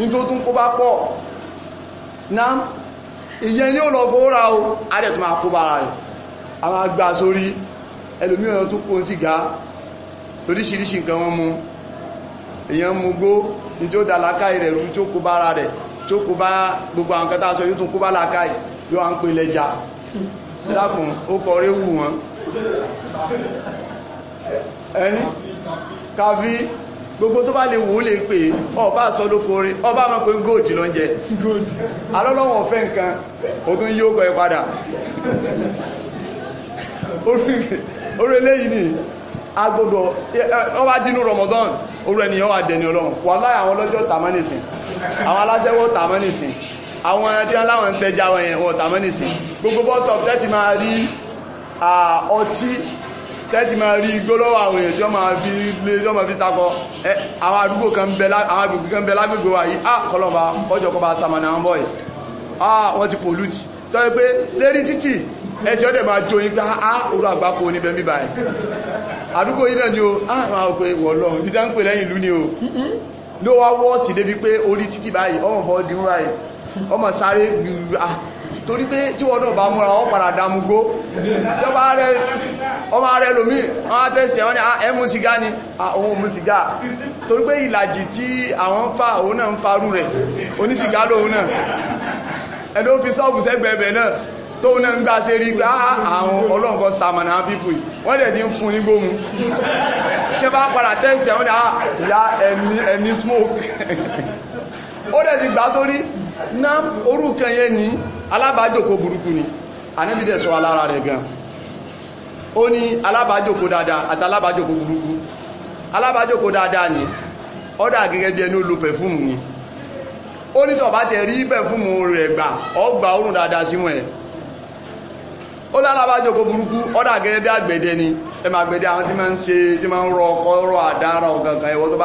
nítorí tó ń kó bá pọ̀ náà ìyẹn ní òlò fowó ra o adẹ̀ tó máa kó bára rẹ̀ a máa gbà sórí ẹlòmíràn tó kó sìgá oríṣiríṣi nǹkan wọn mu èèyàn mú gbó ní tí ó dà lákàí rẹ̀ rú tí ó kó bára rẹ̀ tí kó bá gbogbo àwọn kẹta sọ yóò tún kó bá lákàí yóò à ń pè lẹ́jà dákùn ó kọ rí wù wọn ẹni káfí gbogbo tó bá lè wò ó lè pè ọba sọ lóko orin ọba mọ́ pé gold ló ń jẹ alọ́lọ́wọ̀n ọ̀fẹ́ nǹkan ó tún yí ókọ̀ ẹ padà orí eléyìí ni agbọ́dọ̀ ọba dínú Ramadan orú ẹniyàn wà dẹni ọlọ́run wà láì àwọn ọlọ́jọ́ tàmánìsìn àwọn aláṣẹ́wọ́ tàmánìsìn àwọn ẹran tí wọ́n láwọn ń tẹja tàmánìsìn gbogbo bọ́sọ̀ tẹ́tì máa rí ọtí tẹ́tì máa rí igbó lọ́wọ́ àwọn èèyàn tí wọ́n máa fi lé tí wọ́n máa fi takọ ẹ àwọn àdúgbò kan bẹ àwọn agbègbè kan bẹ lágbègbè wa yìí ah kọlọ́ba ọjọ́ boys ah wọ́n ti pollute tọ́ pé lérí títì ẹsẹ̀ ọ̀dẹ̀ máa jó yín pé ah, ah orú àgbákò oníbẹ̀ bíbá ẹ̀ àdúgbò yìí náà ni o ah máa wọ pé wọ́n lọ ibi tá ń pè lẹ́yìn ìlú ni o hmm, hmm. ló wá wọ́ọ̀sì débi pé orí títì báyìí ọ̀hún bọ́ọ̀dì ń báyìí ọmọ sáré gbìyà torí pé tí wọn náà bá múra wọn padà dámúgó tí wọn bá rẹ ọmọ rẹ lómi wọn á tẹsí ẹ wọn ni ẹ mú sìgá ni òun mú sìgá torí pé ìlàjì tí àwọn ń fa òun náà ń farú rẹ onísìgá lòun náà ẹ̀dọ́ fi sọ́ọ̀bù sẹ́gbẹ̀ẹ́bẹ̀ náà tó náà ń gbá sí rí pé àwọn ọlọ́ǹkọ́ sàmànà pípù wọ́n dẹ̀ ti ń fún ní gbóhun tí bá padà tẹ́sì àwọn ìyá ẹni smoke ó dẹ̀ ti gbá sórí na orúkẹ yẹn n'i alábàájòkó burúkú ni ànábì dẹ̀ sọ alára rẹ̀ gan ó ní alábàájòkó dáadáa àti alábàájòkó burúkú ni ọ́dà gẹ́gẹ́ bí ẹni ó ni ó ní tọ̀bá tẹ̀ rí pẹ̀fúmù rẹ̀ gbà ọgbà òórùn dáadáa símú ẹ̀ ó lálábàájòkó burúkú ọ́dà ni ẹ máa gbẹ̀dẹ àwọn tí máa ń ṣe tí máa ń rọ ọkọ̀ rọ àdá ara ọ̀gàngàn ẹ̀wọ́ tó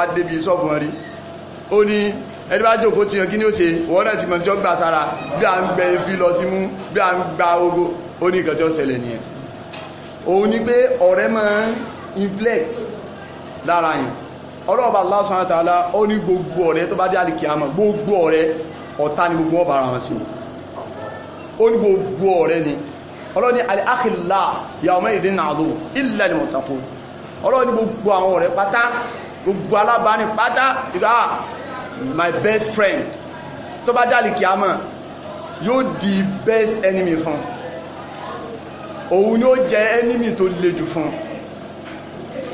ẹni bá jòkó ti yàn kí ni ó ṣe wọ́n náà ti mọ̀ tí ó gbà sára bí à ń gbẹ ibi lọ sí mú bí à ń gba ogo ó ní nǹkan tí ó ṣẹlẹ̀ nìyẹn òun ni pé ọ̀rẹ́ máa ń inflect lára yìí ọlọ́ọ̀bà Allah subhanahu ó ní gbogbo ọ̀rẹ́ tó bá dé àlìkì àmọ́ gbogbo ọ̀rẹ́ ọ̀tá ni gbogbo ọba ara wọn sí ó ní gbogbo ọ̀rẹ́ ni ọlọ́ni al-akhilla yawma idhin adu illa al-muttaqun ọlọ́ni gbogbo àwọn ọ̀rẹ́ pátá gbogbo alábàání pátá ìgbà my best friend tó bá dàlì kíámà yóò di best enemy fún òun ni jẹ enemy tó le jù fún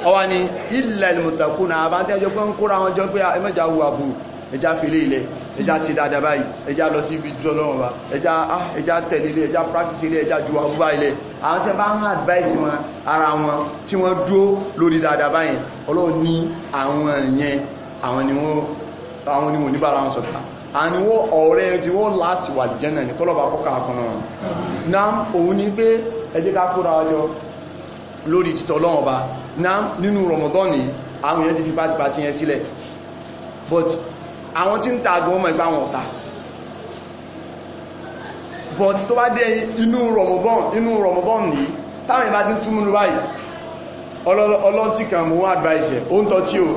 ọwá ni illal muttaquna àbántẹ́jọ́ pé ń kóra wọn jọ pé ẹmẹ́jà wo àbúrò ẹjá fèlé ilẹ̀ ẹjá sí dáadáa báyìí ẹjá lọ sí ibi jọ lọ́wọ́ bá ẹjá ah, tẹ̀lé ilé ẹjá practice ilé ẹjá ju àwúgbà ilẹ̀ àwọn tẹ́ bá ń advice wọn ara wọn tí wọ́n dúró lórí dáadáa báyìí ọlọ́run ní àwọn yẹn àwọn ni wọ́n àwọn onímọ̀ oníbàrá wọn sọ̀tà àni wọ́n ọ̀rẹ́ tí wọ́n last wà jẹ́nà ní kọ́lọ̀bà kọ́kà kanáà náà òun ni pé ẹjẹ́ ká kóra ọjọ́ lórí títọ́ lọ́wọ́ba náà nínú rọmọdọ́nì àwọn èèyàn ti fi pátipáti yẹn sílẹ̀ but àwọn tí ń ta àgbọn ọmọ ìgbà wọn ọ̀ta but tó bá dé inú rọmọdọ́n ní táwọn ìbá ti túnmù báyìí ọlọ́tí kan mú advice ẹ̀ ó ń tọ́ tí o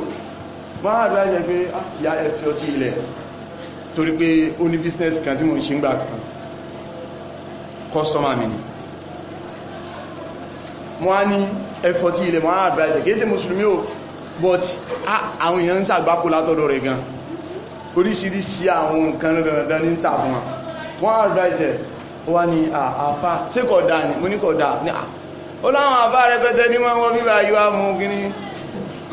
máàdù àjẹ́ pé ah, ya ẹ̀fẹ́ ọtí ilẹ̀ torí pé ó ní business kan tí mo ń ṣe ń gbà kan customer mi ni mo á ní ẹ̀fẹ́ ọtí ilẹ̀ máàdù àjẹ́ kìí ṣe mùsùlùmí o but ah, àwọn èèyàn ń sàgbákò látọ̀dọ̀ rẹ̀ gan oríṣiríṣi àwọn nǹkan dandan ní tàbí wọn wọ́n advice wá ní ah, àfá sí kọ̀dá ní mo ní kọ̀dá ní à ó láwọn àfá rẹpẹtẹ ní wọ́n wọ́n bíbá yíwá mú gíní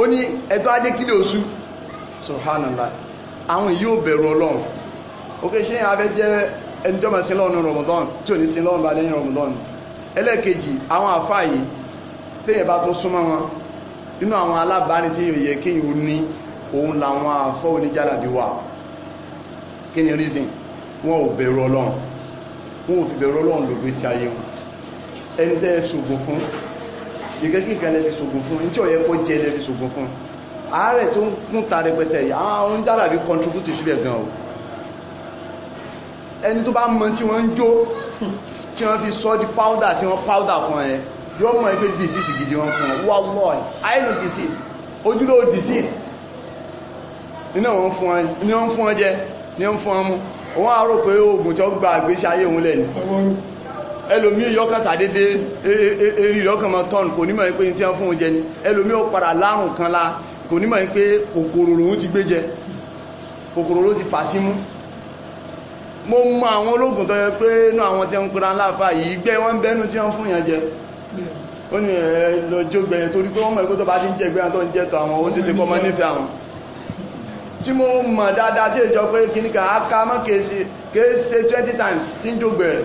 ó ní ẹ̀tọ́ ajé kílẹ̀ oṣù subhanallah àwọn èyí ò bẹ̀rù ọlọ́run ok ṣe abẹ́ jẹ́ ẹni tó máa sin lọ́run Ramadan tí ò ní sin lọ́run bá lẹ́yìn Ramadan ẹlẹ́ẹ̀kejì àwọn àfáà yìí téèyàn bá tó súnmọ́ wọn nínú àwọn alábàáni tí yóò yẹ kéyìn ó ní òun làwọn àfọ́ oníjàlàbí wà kí ni reason wọn ò bẹ̀rù ọlọ́run wọn ò fi bẹ̀rù ọlọ́run lògbé sí ayé wọn ẹni tẹ́ ṣògbò fún nǹkan kí nǹkan lẹ́fi ṣògùn fún tí ó yẹ kó jẹ lẹ́fi ṣògùn fún ààrẹ tó ń kún ta rẹpẹtẹ yìí àwọn jára bí kọntribútì síbẹ̀ gan o ẹni tó bá mọ tí wọ́n ń jó tí wọ́n fi sọ di pàwùdà tí wọ́n pàwùdà fún ẹ yóò mọ̀ pé disease gidi wọn fún ọ wà lọ́ọ̀ i know disease ojúlówó disease iná wọn fún ọ ní wọn fún ọ jẹ ní wọn fún ọ mú wọn á rò pé oògùn tó gba àgbésí ayé òun lẹ́nu ẹlòmí yọ́kà sàdédé e, e, e, eré ìrọ́kàn mọ́ tọ́n kò nímọ̀ pé tí wọ́n fún oúnjẹ ni ẹlòmí ó padà láàrùn kan la kò nímọ̀ pé kòkòrò lòun ti gbé jẹ kòkòrò ló ti fà sí mú mo mọ àwọn ológun tó yẹ pé inú àwọn tí wọ́n pera láàfà yìí gbẹ́ wọ́n bẹ́nu tí wọ́n fún yàn jẹ ó ní ẹ̀ lọ jógbẹ̀yẹ torí pé wọ́n mọ̀ ẹ̀kọ́ tó bá ti ń jẹ gbẹ́yàn tó ń jẹ́ tọ àwọn ó sì ṣe kọ́mọ nífẹ̀ẹ́ àwọn tí mo mọ̀ dáadáa tí èjọ pé kìníkà á ká mọ́ kéèsè 20 times tí ń jò bẹ̀rẹ̀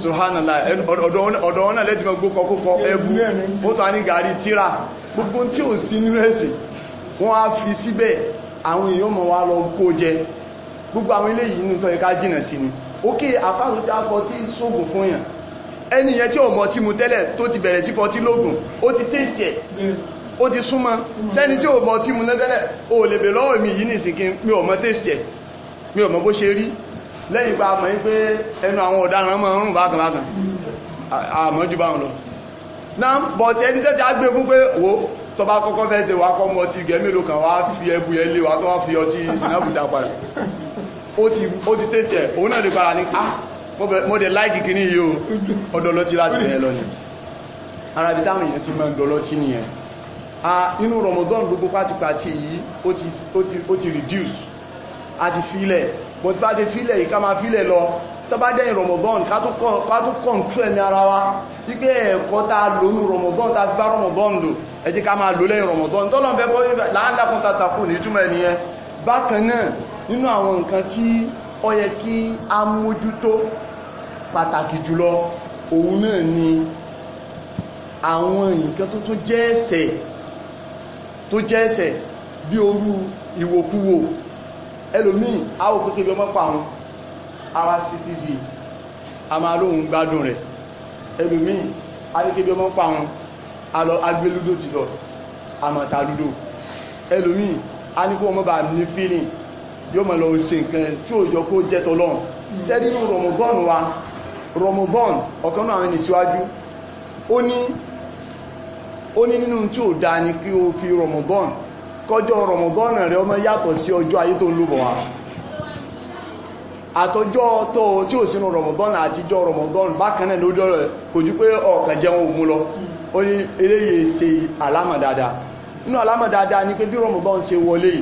subhanallah ọ̀dọ̀ wọn náà lẹ́tí mọ́ gbókọ kókọ ẹbú ó tọ́ ní gàrí tíra gbogbo tí ò sí nínú ẹ̀sìn wọ́n á fi síbẹ̀ àwọn èèyàn mọ̀ wá lọ kó jẹ gbogbo àwọn ilé yìí nítọ́ ẹka jìnà sí ni ókè àfáàrù tí a fọ́ tí sóògùn fún yàn ẹniyàn tí ò mọ̀ tí mu tẹ́lẹ̀ tó ti bẹ̀rẹ̀ sí fọ́ tí lóògùn ó ti tẹ́sì ẹ̀ ó ti súnmọ́ sẹ́ni tí ò mọ̀ tí mu tẹ́lẹ̀ ó lè bè lọ́wọ́ mi yìí nìsìnkí mi ò mọ̀ tẹ́sì ẹ̀ mi ò mọ̀ bó ṣe rí lẹ́yìn pa àmọ́ pé ẹnu àwọn ọ̀daràn mọ́ rùn bákan bákan àmọ́jú bá wọn lọ náà bọ̀ tí ẹni tẹ́tẹ́ á gbé fún pé wo tó bá kọ́kọ́ fẹ́ ṣe wá kọ́ mọ́ ti gẹ̀ mélòó kan wá fi ẹbu ẹ lé wa tó wá fi ọtí sinapu dá padà ó ti tẹ̀sí ẹ̀ òun náà lè para ní ah mo dẹ̀ láìkì kìíní yìí o ọ̀dọ̀ lọ́tí láti bẹ̀rẹ̀ lọ ni ara bí táwọn èèyàn ti máa ń dọ̀lọ́tí nìyẹn inú Ramadan gbogbo pátipátí yìí ó ti reduce a ti fílẹ̀ bọ̀ tí bá ti fílẹ̀ yìí ká máa fílẹ̀ lọ tó bá dẹ́yìn Ramadan ká tún kọ̀ntúrẹ̀ ní ara wa wípé ẹ̀kọ́ ta lónú Ramadan ta fi bá Ramadan lò ẹ jẹ́ ká máa lò lẹ́yìn Ramadan tó lọ́n fẹ́ kọ́ láńlákùn tàtàkù ní túnmọ̀ ẹniyẹn bákan náà nínú àwọn nǹkan tí ó yẹ kí a mójútó pàtàkì jùlọ òun náà ni àwọn nǹkan tó tún jẹ́ ẹ̀ṣẹ̀ tó jẹ́ ẹ̀ṣẹ̀ bí orú ìwòkúwò ẹlòmíì àwọn òkúté ibi ọmọ pa wọn ara CCTV a máa lóhun gbádùn rẹ̀ ẹlòmíì alékébí ọmọ pa wọn alọ agbélúdó ti lọ àmàtà lúdó ẹlòmíì a ní kó ọmọ bá ní fílì yóò mọ̀ lọ ṣe nǹkan tí ó yọ kó jẹ́ tọ́lọ́n sẹ́rí ní rọmọbọ́n wa rọmọbọ́n ọ̀kan náà ní síwájú ó ní nínú tí ó dáa ní kí ó fi rọmọbọ́n kọjọ́ rọmọdọ́nà rẹ ọmọ yàtọ̀ sí ọjọ́ ayé tó ń lò bọ̀ wá àtọjọ́ tó tí ò sínú rọmọdọ́nà àtijọ́ rọmọdọ́nà bákanáà ló dọ́rọ̀ kò jú pé ọ̀kàn jẹun òun lọ ó ní eléyìí ṣe alámà dáadáa inú alámà dáadáa ni pé bí rọmọdọ́n ṣe wọlé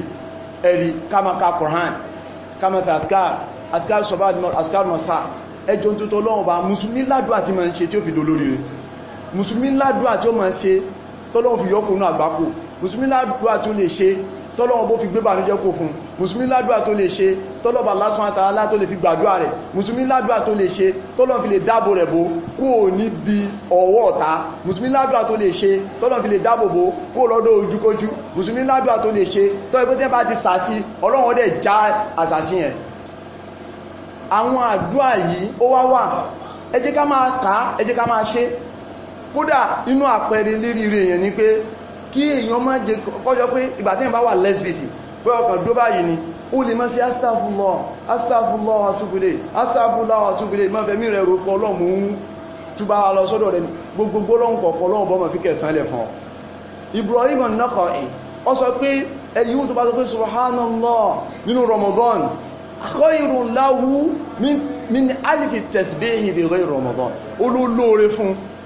ẹ̀rí kámaka Qur'an kámaka adkar adkar sọba adkar masa ẹjọ́ tó tọ́lọ́wọ́ bá musulmi ládùá tí ma ń ṣe tí ó fi dolórí rẹ̀ musulmi ládùá tí ó ma ń ṣe tọ́lọ́wọ́ fi yọ́ fún àgbákò mùsùlùmí ládùúà tó lè ṣe tọ́lọ́wọ́ bó fi gbé bànújẹ́ kó fún mùsùlùmí ládùúà tó lè ṣe tọ́lọ́bà lásán àtàlá tó lè fi gbàdúrà rẹ̀ mùsùlùmí ládùúà tó lè ṣe tọ́lọ́n fi lè dáàbò rẹ̀ bó kú ò níbi ọwọ́ ọ̀tá mùsùlùmí ládùúà tó lè ṣe tọ́lọ́n fi lè dáàbò bó kú lọ́dọ̀ ojúkójú mùsùlùmí ládùúà tó lè ṣe tọ́ ẹgbẹ́ tẹ́ bá ti sàásí ọlọ́run dẹ̀ já àsàsí yẹn àwọn àdúà yìí ó wá wà ẹ jẹ́ ká máa kà á kí èèyàn má jẹ kọjọ pé ìgbà tí èèyàn bá wà lẹ́sbìsì pé ọkàn dúró báyìí ni ó lè má sí astagfullah astagfullah àtúgbìlẹ̀ astagfullah àtúgbìlẹ̀ má fẹ́mí rẹ̀ rò pọ̀ ọlọ́mù ń túbá lọ sọ́dọ̀ rẹ̀ gbogbogbò lọ́nkọ̀ọ̀kọ̀ lọ́wọ́ bọ́mọ̀ fi kẹsàn lẹ̀ fún ọ Ibrahim an-Nakhai ó sọ pé ẹni yíò tó bá sọ pé subhanallah nínú Ramadan khairun lahu min alifi tasbihi bi ghayri Ramadan olólóore fún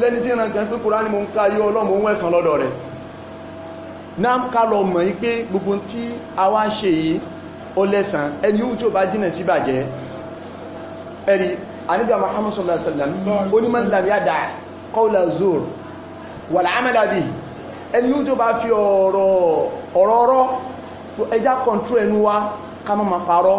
lẹ́ni tí ìran kan pé kùránì mo ń ká yí ọlọ́mọ ohun ẹ̀sàn lọ́dọ̀ rẹ̀ náà ká lọ mọ̀ yí pé gbogbo tí a wá ṣe yìí ó lẹ́sàn ẹni yóò tó bá jìnà sí bàjẹ́ ẹ̀rí anígbà Muhammad sallallahu alaihi wasallam ó ní man lam yada qawla zur wal amala bi ẹni yóò tó bá fi ọ̀rọ̀ ọ̀rọ̀ ẹjá kọ̀ntró wa ká ma parọ́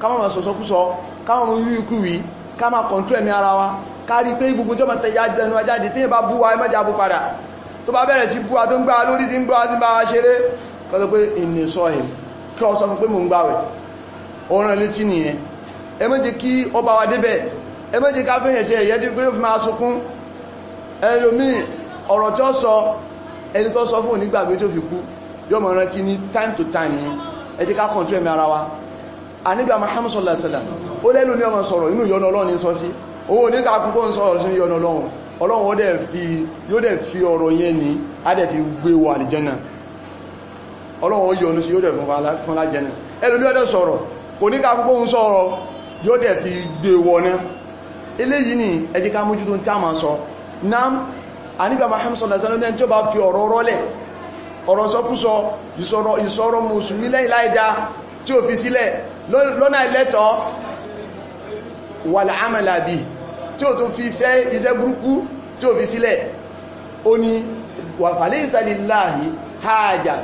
ká ma sọ̀sọ́kúsọ ká má ma yúkúwì ká má kọ̀ntró wa kárí pé gbogbo jọmọ tẹ ẹnu ajáde tí yẹn bá bú wa ẹ mọ́jà bú padà tó bá bẹ̀rẹ̀ sí bú wa tó ń gbá lórí tí ń gbá tí ń bá wa ṣeré kọ́tọ́ pé ìní sọ ẹ̀ kí ọ sọ fún pé mò ń gbàwẹ̀ ọ̀ràn létí nìyẹn ẹ mọ́jẹ kí ọba wa débẹ̀ ẹ mọ́jẹ ká fẹ́yẹ̀ ṣe ẹ̀yẹ́ tí pé ó fi máa sunkún ẹlòmíì ọ̀rọ̀ tí ó sọ ẹni tó sọ fún onígbàgbé tó fi kú yóò mọ̀ rántí ní time to time yẹn ẹ jẹ́ ká kọ̀ntú ẹ̀mí ara wa ànígbà Muhammad sallallahu alaihi wasallam ó ọmọ sọ̀rọ̀ inú ìyọnu Ọlọ́run sọ sí owó ní kàkùnkọ́ ń sọ̀rọ̀ sí yọ̀nà ọlọ́run ọlọ́run ó dẹ̀ fi yóò dẹ̀ fi ọ̀rọ̀ yẹn ní a dẹ̀ fi gbé wọ àlìjẹ́nà ọlọ́run ó yọ̀nù sí yóò dẹ̀ fún lájẹ́nà ẹlòmí ọdẹ sọ̀rọ̀ kò ní kàkùnkọ́ ń sọ̀rọ̀ yóò dẹ̀ fi gbé wọ náà eléyìí ni ẹ jẹ́ ká mójútó ń tí a máa sọ nam tí ó tó fi iṣẹ́ burúkú tí ó fi sílẹ̀ ó ní wàfàlẹ́ ìsàlìláàrí hajjá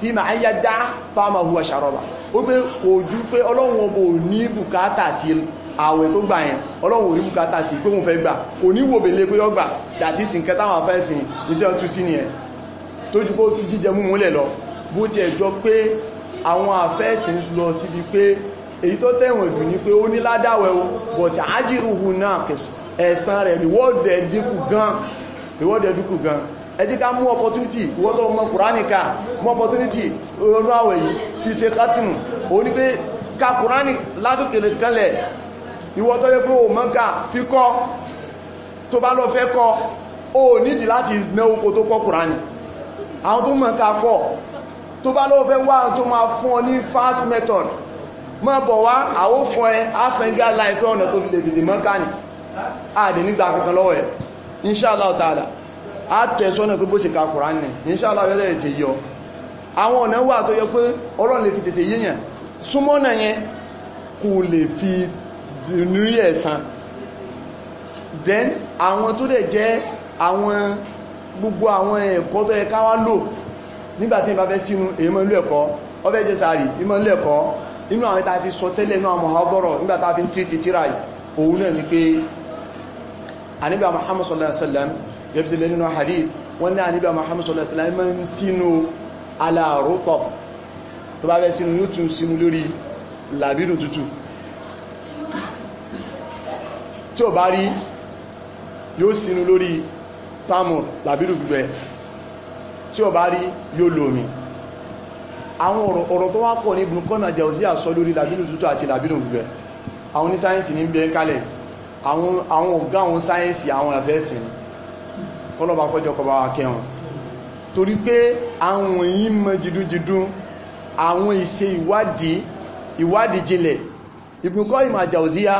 fi ma ń yájá fáàmà huwa ṣàrọ́bà ó pé kò jú pé ọlọ́run ọbọ̀ ní bùkátà sí àwẹ̀ tó gbà yẹn ọlọ́run orí bùkátà sí pé òun fẹ́ gbà kò ní wò bèlé pé ọgbà dàtí sí nǹkan táwọn afẹ́sìn ní tí wọ́n tú sí nìyẹn tó jú pé ó ti jíjẹ mú múlẹ̀ lọ bó ti ẹ̀jọ pé àwọn afẹ́sìn lọ síbi pé èyí tó tẹ̀wọ̀n jù ní pé ó ní ládàwẹ̀ o but ajiruhu náà ẹ̀san rẹ̀ reward ẹ̀ dínkù gan reward ẹ̀ dínkù gan ẹ jẹ́ ká mú opportunity wọ́n tó mọ́ kùránìká mú opportunity olóòrùn àwẹ̀ yìí fi ṣe kátìmù o ní pé ká kùránì látòkèlè kanlẹ̀ ìwọ́ tó yẹ pé o mọ́ ká fi kọ́ tó bá lọ fẹ́ kọ́ o nídi láti fast method mọ́ bọ̀ wá àwó fún ẹ áfẹ́gá láìpẹ́ ọ̀nà tó fi lè dìdì mọ́kànì àdì nígbà kankan lọ́wọ́ ẹ̀ inṣàlá ọ̀tàdà á tẹ̀sọ́nà pé bó ṣe ka Kùránì inṣàlá ọ̀yọ́lẹ̀ tẹ̀ yọ àwọn ọ̀nà wà tó yọ pé Ọlọ́run lè fi tètè yíyàn súnmọ́nà yẹn kò lè fi dùnú yẹ̀ san then àwọn tó dẹ̀ jẹ́ àwọn gbogbo àwọn ẹ̀kọ́ tó yẹ ká wá lò nígbàtí ìbá fẹ́ sínú èèmọ̀ ilé ẹ̀kọ́ ọfẹ́ jẹ́ sàárì ìmọ̀ ilé ẹ̀kọ́ inú àwọn ìta ti sọ tẹ́lẹ̀ náà mọ̀ ọgbọ́rọ̀ nígbàtà fi ń tí ti tíra òun náà ni pé aníbà Muhammad sallallahu alaihi wasallam yẹ́bìsí lẹ́nu hadith wọ́n ní aníbà Muhammad sallallahu alaihi wasallam máa ń sínú aláàrótọ̀ tó bá bẹ́ sínú yóò tún sínú lórí làbínú tútù tí ó bá rí yóò sínú lórí àwọn ọ̀rọ̀ tó wá pọ̀ ní ibùn kọ́nà jẹ́ọ̀sí àsọ lórí làbínú tútù àti làbínú gbígbẹ àwọn ní sáyẹ́nsì ní bẹ́ẹ̀ kalẹ̀ àwọn ọ̀gá àwọn sáyẹ́nsì àwọn àfẹ́sìn kọ́lọ̀bà kọjọ kọba akẹwọn torí pé àwọn yìí mọ̀ jìdújìdún àwọn ìṣe ìwádìí ìwádìí jinlẹ̀ ibùn kọ́nà jẹ́ọ̀síyá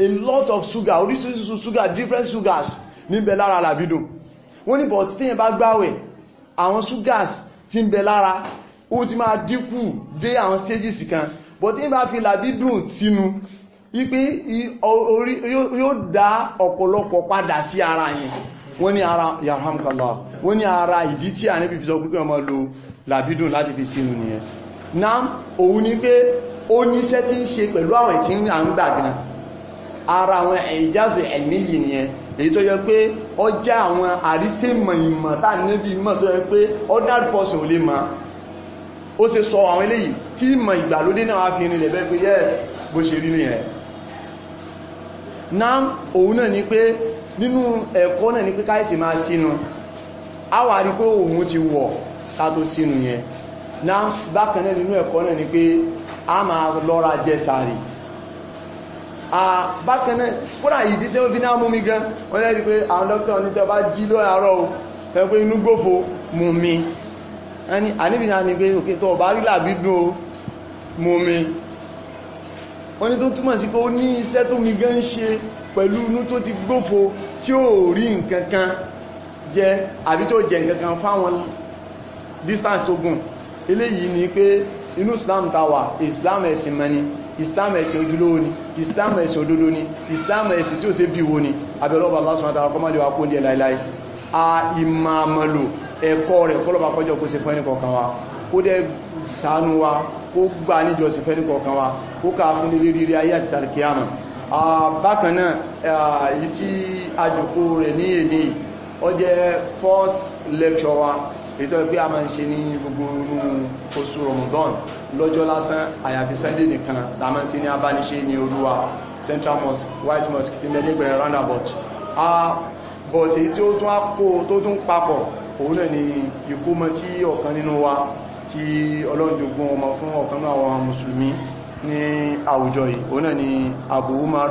a lot of sugar different sugars níbẹ̀ lára làbídùn wọ́n ní bọ̀ tí tẹ́yìn bá gbáwẹ̀ àwọn sugars ti ń bẹ lára ó ti máa dínkù dé àwọn stages kan bọ̀ tẹ́yìn bá fi làbí dùn sínú wípé yóò dá ọ̀pọ̀lọpọ̀ padà sí ara yẹn wọ́n ní ara yarhamkallah wọ́n ní ara ìdí tí àníbi fi sọ pípẹ́ ọmọ lo làbídùn láti fi sínú nìyẹn náà òun ni pé ó níṣẹ́ tí ń ṣe pẹ̀lú àwẹ̀ tí ń gbà gan ara àwọn ìjásù ẹ̀mí yìí nìyẹn èyí tó yẹ pé ó jẹ́ àwọn àrísèmọ̀ ìmọ̀ tá níbi ìmọ̀ tó yẹ pé ordinary person ò lè mọ̀ ó ṣe sọ àwọn eléyìí tí ìmọ̀ ìgbàlódé náà wá fi rinlẹ̀ bẹ́ẹ̀ pé yes bó ṣe rí nìyẹn náà òun náà ni pé nínú ẹ̀kọ́ náà ni pé káìsì máa sínú a wà rí pé òun ti wọ̀ ká tó sínú yẹn náà bákan náà nínú ẹ̀kọ́ náà ni pé a máa lọ́ra jẹ sàárì bákanẹ́ kódà ìdí tí ó fi náà mú mi gan wọ́n lẹ́rí pé àwọn dókítà ní tẹ́ bá jí lóòrò ẹgbẹ́ inú gbófo mú mi àníbìnà ni pé òkè tó ọ̀bá rí làbí dùn ó mú mi wọ́n ni tó túmọ̀ sí pé ó ní iṣẹ́ tó mi gan ṣe pẹ̀lú inú tó ti gbófo tí ó rí nkankan jẹ àbí tó jẹ nkankan fáwọn distance tó gùn eléyìí ni pé inú Islam tàwà Islam ẹ̀sìn mẹ́ni islam ẹ̀sìn ojúlówó ni islam ẹ̀sìn òdodo ni islam ẹ̀sìn tí ó ṣe bí wo ni abẹ́lọ́bà lásán àtàrà a ìmàmọ̀lò ẹ̀kọ́ rẹ̀ kọ́lọ́bà kọjọ́ kó ṣe fẹ́ni kọ̀ọ̀kan wa kó dẹ̀ ṣàánú wa kó gbà níjọsìn fẹ́ni kọ̀ọ̀kan wa kó ká fún ilé rírí ayé àti sàrìkíyàmù first lecture wa èyí tó ẹ pé a máa ń ṣe ní gbogbo inú oṣù Ramadan lọ́jọ́ lásán àyàfi sunday nìkan la máa ń ṣe ní abániṣe ní olúwa central mosque white mosque ti mẹ́lẹ́gbẹ̀ẹ́ roundabout but èyí tí ó tún àpò tó tún papọ̀ òun náà ni ìkómọ tí ọ̀kan nínú wa tí ọlọ́njogún ọmọ fún ọ̀kan náà àwọn mùsùlùmí ní àwùjọ yìí òun náà ni Abu Umar